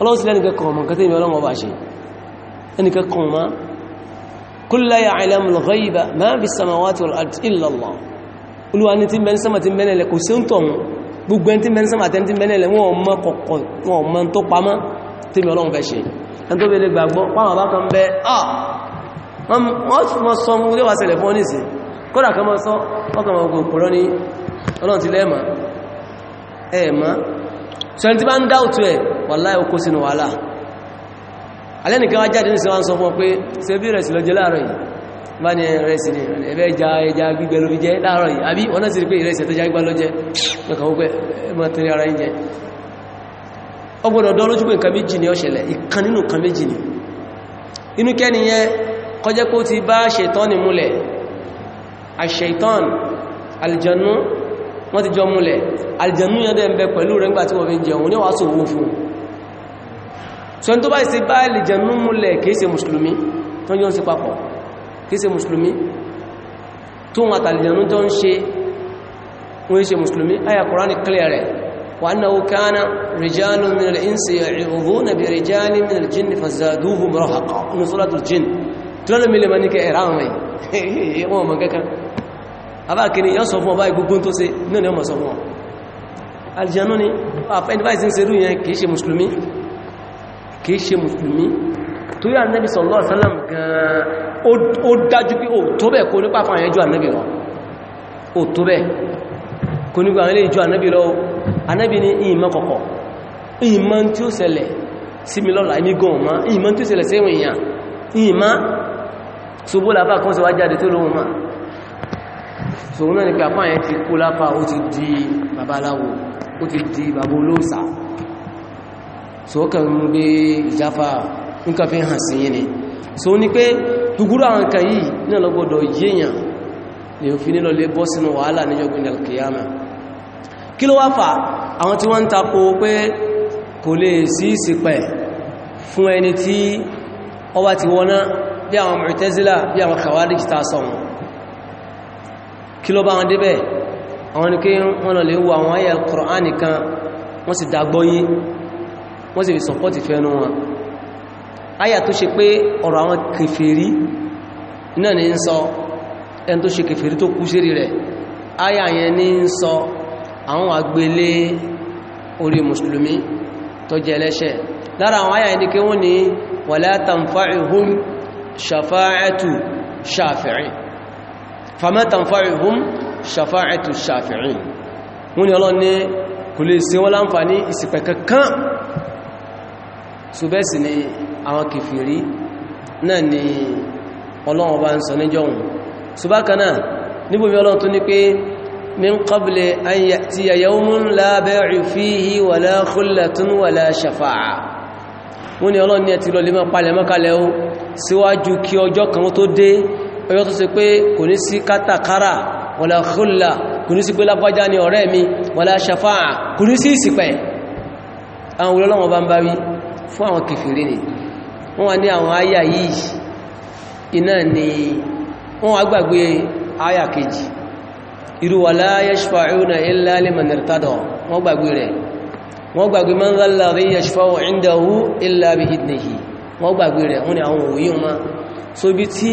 ọlọ́run sí lẹ́nìkẹ́ kan ọmọ kẹtẹ́ ìmọ̀ ọlọ́run ọba ṣe ẹnìkẹ́ kan ma kul la ya'lamul ghayba ma fis samawati wal ardi illa Allah olúwa ní tí mẹ́rin sánmà tí mẹ́rin ẹ̀lẹ̀ kò sí ń tọ̀hún gbogbo ẹni tí mẹ́rin sánmà tí mẹ́rin ẹ̀lẹ̀ wọ́n mọ́ kọ̀kọ̀ wọ́n mọ́ tó pamọ́ tí mi ọlọ́run fẹ́ ṣe sọ ní tí bá ń dáòtù ẹ̀ wàláhì ó kó sínú wàhálà alẹ́nìkan wá jáde ní sọ wọ́n sọ fún ọ pé ṣe bí rẹ̀ sí lọ jẹ láàárọ̀ yìí bá ní rẹ̀sì ní ẹ̀fẹ́ ìjà ẹja gbígbẹ ló fi jẹ láàárọ̀ yìí àbí wọ́n náà sì rí pé ìrẹsì tó já gbá lọ jẹ lọ́kàn wọ́n ti jọ múlẹ̀ alìjẹ̀nú yẹn dẹ̀ ń bẹ pẹ̀lú rẹ̀ nígbàtí wọ́n fi jẹun ní wàá sòwò fún un so n tó bá ìsẹ́ bá alìjẹ̀nú múlẹ̀ kìí ṣe mùsùlùmí tó yọ́n sí papọ̀ kìí ṣe mùsùlùmí tó wọn àtàlìjẹ̀nú tó ń ṣe wọ́n ṣe mùsùlùmí ayà kùránì clear rẹ̀ [LAUGHS] abákiri yọ́ sọ fún ọba ìgbogbo tó ṣe náà ni ọmọ sọ fún ọ alìjẹnú ni àpẹẹdìbáìsì ń serú yẹn kìí ṣe mùsùlùmí kìí ṣe mùsùlùmí tó yà nẹ́bí sallallahu alaihi wasallam gan ó dájú pé ó tó bẹ̀ kó nípa fún àyẹjọ́ ànẹ́bì lọ ó tó bẹ̀ kó nípa àwọn iléjọ́ ànẹ́bì lọ ànẹ́bì ní ìmọ̀ kọ̀kọ̀ ìmọ̀ tí ó ṣẹlẹ̀ sí mi lọ́la sòrò náà ni pé apá yẹn ti kú lápá ó ti di babaláwo ó ti di babolóòsà so ó kàn ń gbé ìjáfà nǹkan fi hàn sí yìí ni so ní pé gbogbo àwọn nǹkan yìí náà lọ gbọdọ̀ yíyàn lè fi nílọ lè bọ́ sínú wàhálà níjọ́gbìn kí ló bá wọn débẹ̀ àwọn ni kí wọ́n lọ lè wo àwọn ayẹ Qur'an nìkan wọ́n sì dàgbọ́yé wọ́n sì fi sọpọ́tì fẹ́nu wọn ayà tó ṣe pé ọ̀rọ̀ àwọn kèfèrí náà ní ń sọ ẹni tó ṣe kèfèrí tó kú sí rẹ̀ ayà yẹn ní ń sọ àwọn àgbélé orí mùsùlùmí tó jẹ ẹlẹ́ṣẹ̀ lára àwọn ayà yẹn ni kí wọ́n ní fama tanfa'uhum shafa'atu shafi'in wọ́n ni ọlọ́run ní kò lè ṣe wọ́n láǹfàní ìsìpẹ̀ kankan so bẹ́ẹ̀ sì ni àwọn kèfèrí náà ni ọlọ́run bá ń sọ níjọ́un so bákan náà níbòmí ọlọ́run tó ní pé min qabli an ya'tiya yawmun la bay'un fihi wala khullatun wala shafa'a wọ́n ti lọ lè máa ọjọ́ tó ṣe pé kò ní sí kátàkárà wala khulla kò ní sí pé lápájá ni ọ̀rẹ́ mi wala shafa'a kò ní sí ìsìpẹ̀ àwọn olólọ́wọ́n bá ń bá wí fún àwọn kèfèrí ni wọ́n wá ní àwọn àyà yìí iná ni wọ́n wá gbàgbé àyà kejì wọ́n gbàgbé rẹ̀ wọ́n ni àwọn òyìn wọn so bí tí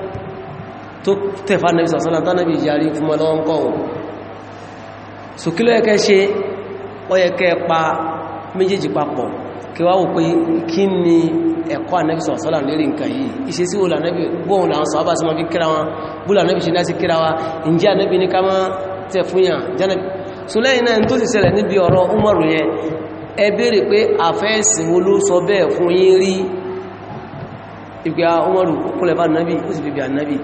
tó tẹ̀fà nàbí sàṣánà tánàbí ìyàrí fún mọ́ lọ́wọ́ ń kọ́ òun so kí ló yẹ́kẹ́ ṣe ó yẹ́kẹ́ pa méjèèjì papọ̀ kí wá wò pé kí ni ẹ̀kọ́ ànẹ́bí sàṣánà lérí nǹkan yìí ìṣesí wo lànẹ́bí gbóhùn làwọn sọ abá sí mọ́ fi kíra wọn bú lànẹ́bí ṣe láti kíra wa ǹjẹ́ ànẹ́bí ìgbà ah, Umaru kúnlẹ̀ nàbí ó sì fi ànàbí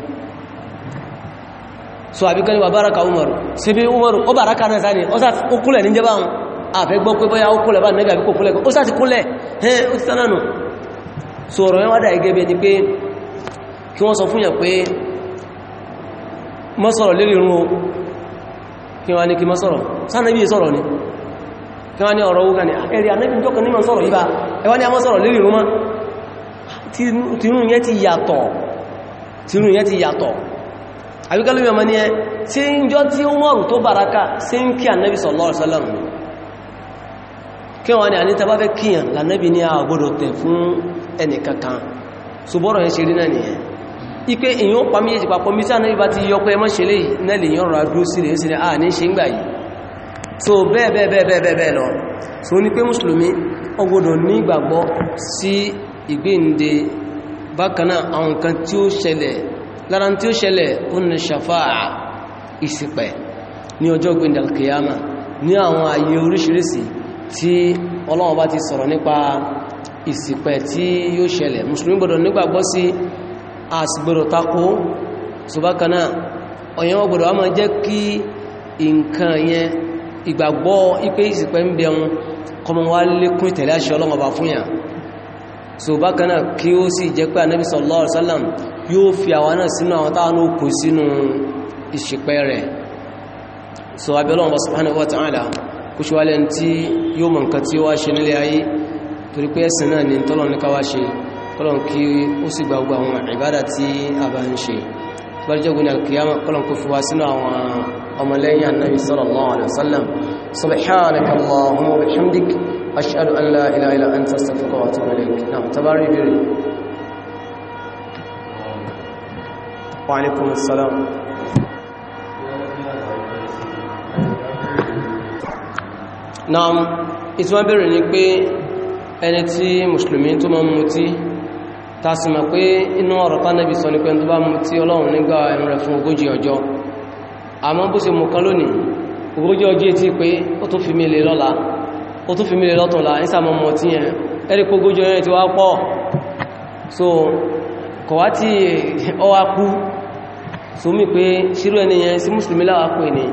so àbí kan ní wà báraka umaru sí bí umaru ó báraka náà sáà ní ó sá ó kúlẹ̀ ní jẹba àwọn àfẹ́ gbọ́ pé bóyá ó kúlẹ̀ bá nẹ́gbà àbí kò kúlẹ̀ ó sá ti kúlẹ̀ ẹ́ ó ti sánà nù so ọ̀rọ̀ yẹn wádà igẹ́ bí ẹni pé kí wọ́n sọ fún yàn pé mọ́sọ̀rọ̀ lérí irun o kí wọ́n ní kí mọ́sọ̀rọ̀ sáà bí sọ̀rọ̀ ni kí wọ́n ní ọ̀rọ̀ owó kan ní ẹ̀rì anẹ́bí jọ́kan ní mọ́sọ̀rọ̀ yíba ẹwọ́n ní a mọ́sọ̀rọ̀ lérí irun mọ́ tìrún yẹn ti yàtọ̀ àbíkálù yọmọ ní ẹ tí ń jọ tí ó mọ̀rù tó baraka sí ń kí ànẹ́bì sallallahu alaihi wasallam kí ni àníta bá fẹ́ kíyàn lànẹ́bì ní àgbọ́dọ̀ tẹ̀ fún ẹnì kankan ṣùgbọ́rọ̀ yẹn ṣe rí náà nìyẹn ipé èyàn pa méjèèjì papọ̀ mí tí ànẹ́bì bá ti yọ pé ẹmọ́ ṣe so bẹ́ẹ̀ bẹ́ẹ̀ so ní pé mùsùlùmí ọgbọ́dọ̀ ní ìgbàgbọ́ sí ìgbéǹde bákan náà lára tí ó ṣẹlẹ̀ ó ní ṣàfáà ìsìpẹ̀ ní ọjọ́ gbìndàl kìyàmà ní àwọn ayé oríṣiríṣi tí Ọlọ́run bá ti sọ̀rọ̀ nípa ìsìpẹ̀ tí yóò ṣẹlẹ̀ mùsùlùmí gbọ́dọ̀ nígbàgbọ́ sí àsìgbèrò tako ṣùgbákaná ọ̀yẹ́wọ́ gbọ́dọ̀ a máa jẹ́ kí nǹkan yẹn ìgbàgbọ́ ipé ìsìpẹ̀ ń bẹun kọmọ wá sallallahu alaihi yóò fi àwọn náà sínú àwọn táwọn ó kù sínú ìṣìpẹ̀ rẹ̀ so abẹ́lọ́wọ́n bá subhanahu wa ta'ala kò ṣe wálẹ̀ tí yóò mọ̀ nǹkan tí ó wá ṣe nílé ayé torí pé ẹ̀sìn náà ni tọ́lọ̀n ní káwá ṣe kọ́lọ̀n kí ó sì gba gbogbo àwọn ìbádà tí a bá ń ṣe Wa alaikum assalam. Naam, ìtún abẹ́rù ni pé ẹni tí Mùsùlùmí tó máa ń mutí, ta sì mọ̀ pé inú ọ̀rọ̀ tánàbí sọ ní pé tó bá mutí Ọlọ́run nígbà ẹ̀rùn rẹ̀ fún ogójì ọjọ́. Àmọ́ bó ṣe mú kan lónìí, ogójì ọjọ́ etí pé ó tó fi mí lè lọ́la, ó tó fi mí lè lọ́tọ̀ọ̀la, ní sàmọ́ mọ̀ tí yẹn, ẹ̀rí pé ogójì ọjọ́ ti wá pọ̀. So, Sumi mi pé ṣírò si yẹn sí mùsùlùmí láwápò ní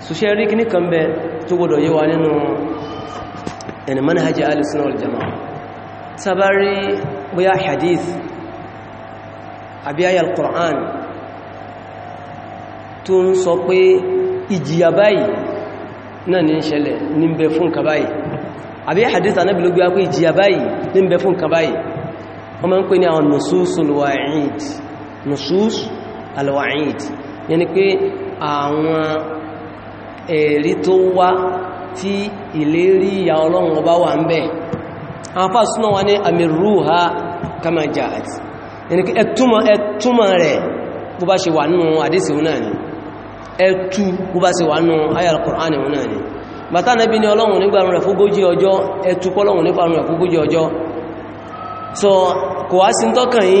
so ṣe rí kíní kan bẹ tó gbọdọ̀ yé wa nínú ẹni manhaji al-sunnah wal jama'a sabari bóyá hadith àbí ayà al-Qur'an tó ń sọ pé ìjìyà báyìí náà ní ṣẹlẹ̀ ní bẹ fún nǹkan báyìí hadith anábì ló gbé wá pé ìjìyà báyìí ní bẹ fún nǹkan báyìí wọ́n máa ń pè nusus al-wa'id nusus alwa'id yẹni pé àwọn ẹ̀rí tó wá tí ìlérí ìyà ọlọ́run ọba wà ń bẹ̀ àwọn fásúnà wá ní amiruha kama jaat yẹni pé ẹtúmọ̀ ẹtúmọ̀ rẹ̀ bó bá ṣe wà nínú àdísì náà ni ẹtú bó bá ṣe wà nínú ayà al-Qur'ani náà ni bàtà nàbí ni ọlọ́run nígbàrún rẹ̀ fógójì so kò wá sí tọ́kàn yí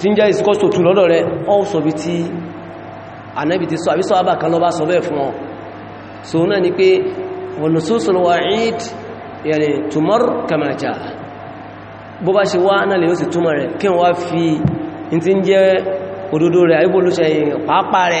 tí ń jẹ́ ìsìkọ́sò tù lọ́dọ̀ rẹ ọ́ sọ bí tí ànábì ti sọ àbí sọ àbà kan lọ bá sọ bẹ́ẹ̀ fún ọ so náà ni pé wọ̀nùsúsùn wà ìd yẹni tùmọ́r kàmàjà bó bá ṣe wá náà lè ó sì túmọ̀ rẹ̀ kí wọ́n fi in ti ń jẹ́ òdodo rẹ̀ àríbòlúṣẹ́ pàápàá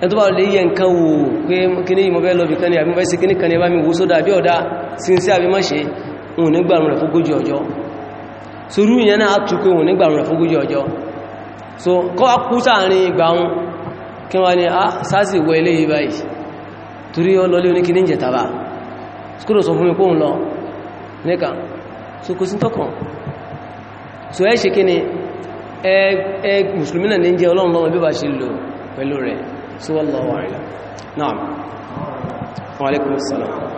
ẹ̀tọ́ bá lè yẹ nǹkan wò pé kíní ìmọ̀ bẹ́ẹ̀ lọ́bì kaní àbí mẹ́sí kíní kaní bá mi wò sódà bí ọ̀dá sínsí àbí mọ́ṣe so kọ́ wá kú sáàrin ìgbàun kí wọ́n ni a ah, sáàsì wọ ilé yìí báyìí torí ọ lọlé oníkíní ìjẹtàbà skúrò mi kóhun lọ nìkan so kò sí tọ́kàn so ẹ́ ṣe kí ni ẹ mùsùlùmí náà ní jẹ́ ọlọ́run lọ́wọ́ bí bá ṣe lò pẹ̀lú rẹ̀ سوى الله أعلم نعم وعليكم السلام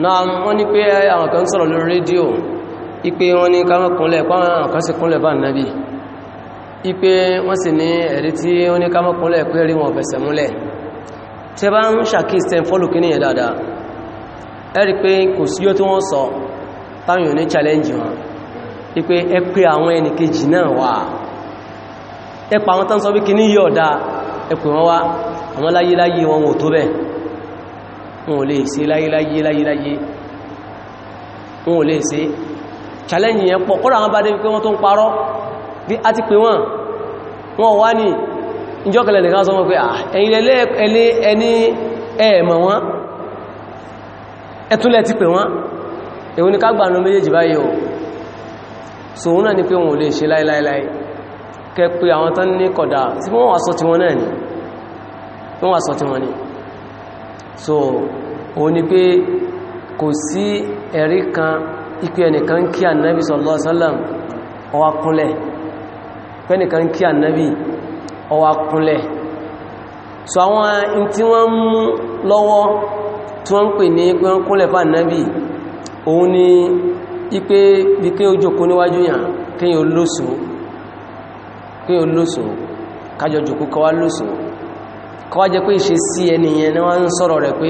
náà wọ́n ní pé àwọn kan sọ̀rọ̀ lórí rédíò ipé wọ́n ní káwọn kúnlẹ̀ pàwọn kan sì kúnlẹ̀ bá nàbí ipé wọ́n sì ní ẹ̀rí tí wọ́n ní káwọn kúnlẹ̀ pé rí wọn fẹsẹ̀ múlẹ̀ tẹ bá ń ṣàkíyèsí fọ́lù kí ní ẹ̀ dáadáa ẹ̀rí pé kò sí yóò tí wọ́n sọ táwọn yóò ní challenge wọn wípé ẹ pé àwọn ẹnìkejì náà wà ẹ pa àwọn tán sọ bí kí ní yọ̀ dáa ẹ pè wọ́n wá àwọn láyéláyé wọn ò tó bẹ̀ wọn ò lè ṣe láyéláyé láyéláyé wọn ò lè ṣe challenge yẹn pọ̀ kọ́ra àwọn bá dé wípé wọ́n tó ń parọ́ bí a ti pè wọ́n wọ́n wá ní ìjọ́kẹ̀lẹ̀ nìkan sọ mọ́ pé ẹ̀yìn ẹlẹ́ ẹni ẹ̀ẹ̀mọ̀ wọn ẹ̀túnlẹ̀ ti pè wọ́n èwo ni ká gbà nù méjèèjì báyìí o sòun náà ni pé wọn ò lè ṣe láíláíláí kẹ pé àwọn tán ní kọ̀dá tí wọ́n wà sọ ti wọn náà ni wọ́n wà sọ ti wọn ni so òun ni pé kò sí ẹ̀rí sallallahu alaihi wasallam ọwá kúnlẹ̀ pẹ́nìkan kí ọwá kúnlẹ̀ so àwọn tí wọ́n ń mú lọ́wọ́ tí wọ́n ń pè ní pé wọ́n kúnlẹ̀ fà náàbì òun ni ipé bí kí o jòkó níwájú yàn kéyàn lóṣù kéyàn lóṣù kájọ jòkó kọwá lóṣù kọwá jẹ pé ìṣe sí ẹni ni wọ́n ń sọ̀rọ̀ rẹ̀ pé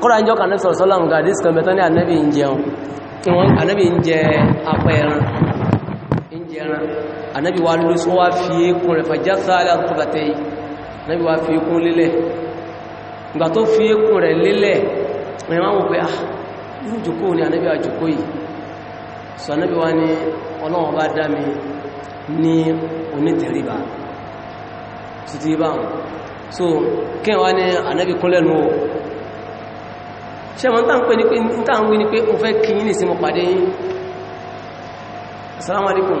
kọ́ra ń jọ kà náà sọ̀rọ̀ sọ́làm gà díṣkan bẹ̀tọ́ ní ànábì ń jẹun ànábì anábi wa ló sọ wá fi ékún rẹ̀ fàjásá aláàrùkúbàtẹ́ yìí anábi wa fi ékún lélẹ̀ ìgbà tó fi ékún rẹ̀ lélẹ̀ rẹ̀ máa wọ́n pé ah ní jùkó ni anábi àjùkó yìí sọ anábi wa ni ọlọ́wọ́n bá dá mi ní onítẹ̀ríba sí ti bá wọn so kí wọ́n ní anábi kúnlẹ̀ nù ó ṣe mọ́ ní táwọn wí ni pé mo fẹ́ kí yín nìsí mo pàdé yín assalamu alaikum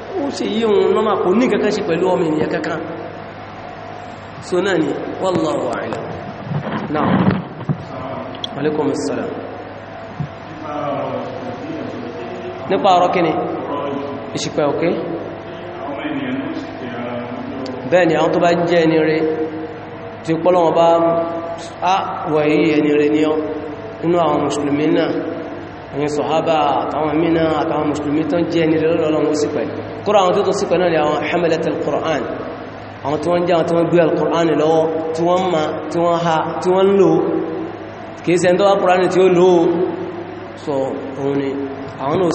ó sì yí òun nọ́mà kò ní kankan sí pẹ̀lú ọmọ ènìyàn kankan so náà ni wallahu a'lam náà alaikum assalam nípa ọ̀rọ̀ kíni ìṣìpẹ̀ òkè bẹ́ẹ̀ni àwọn tó bá jẹ́ ẹni rẹ̀ tí pọ́lọ́wọ́ bá ah, wọ̀ yí ẹni rẹ̀ ní ọ inú àwọn mùsùlùmí náà àwọn sọ̀hábà àtàwọn mìíràn àtàwọn mùsùlùmí tó ń jẹ́ ní lọ́lọ́lọ́wọ́ sípẹ̀ kúrò àwọn tó tó sípẹ̀ náà ni àwọn hamilat al-Qur'an àwọn tí wọ́n jẹ́ àwọn tí wọ́n gbé al-Qur'an lọ́wọ́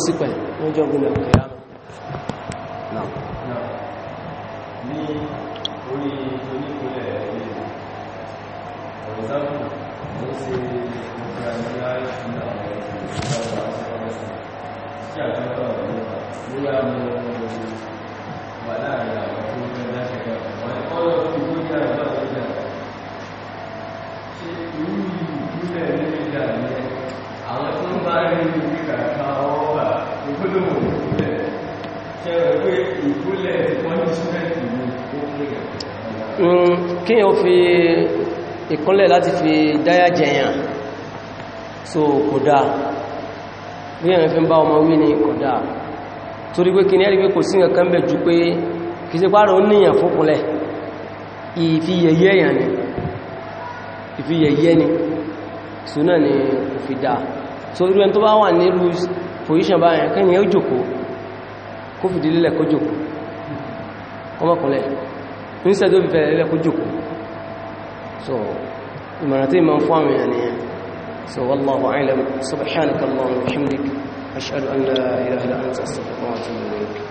tí wọ́n tí àtúntò ọ̀rọ̀ lórí àwọn ọmọ wà láàrin àwọn tó ń bẹ láti gbà wọn ni wọn lọ fi owó yára náà ló dà ṣe irú ìpínlẹ̀ nínú ìjà yẹn àwọn tó ń bá rí ibi kàkà ọba ìgbódòwò ìpínlẹ̀ ṣe rẹ̀ pé ìpínlẹ̀ pọ́nísímẹ́ǹtì ni ó pínlẹ̀. kéèyàn fi ìkúnlẹ̀ láti fi dáyà jẹyàn so kò dáa bí ẹ̀rìn fi ń bá ọmọ wí ní ọ̀dá torí pé kí ní ẹ̀rí pé kò sí nǹkan bẹ̀ ju pé kì í ṣe pààrọ̀ ó níyàn fúnkunlẹ̀ ìfiyẹyẹ ni ìfiyẹyẹ ni so náà ni kò fi dáa so irú ẹni tó bá wà nílù position báyẹn kẹ́yìn ó jòkó kó fìdí lílẹ̀ kó jòkó ọmọkùnlẹ̀ níṣẹ́ tó fi lílẹ̀ kó jòkó so ìmọ̀ràn tí ìmọ̀ fún àwọn èèyàn nìyẹn سو والله أعلم سبحانك اللهم وبحمدك أشهد أن لا إله إلا أنت أستغفرك وأتوب إليك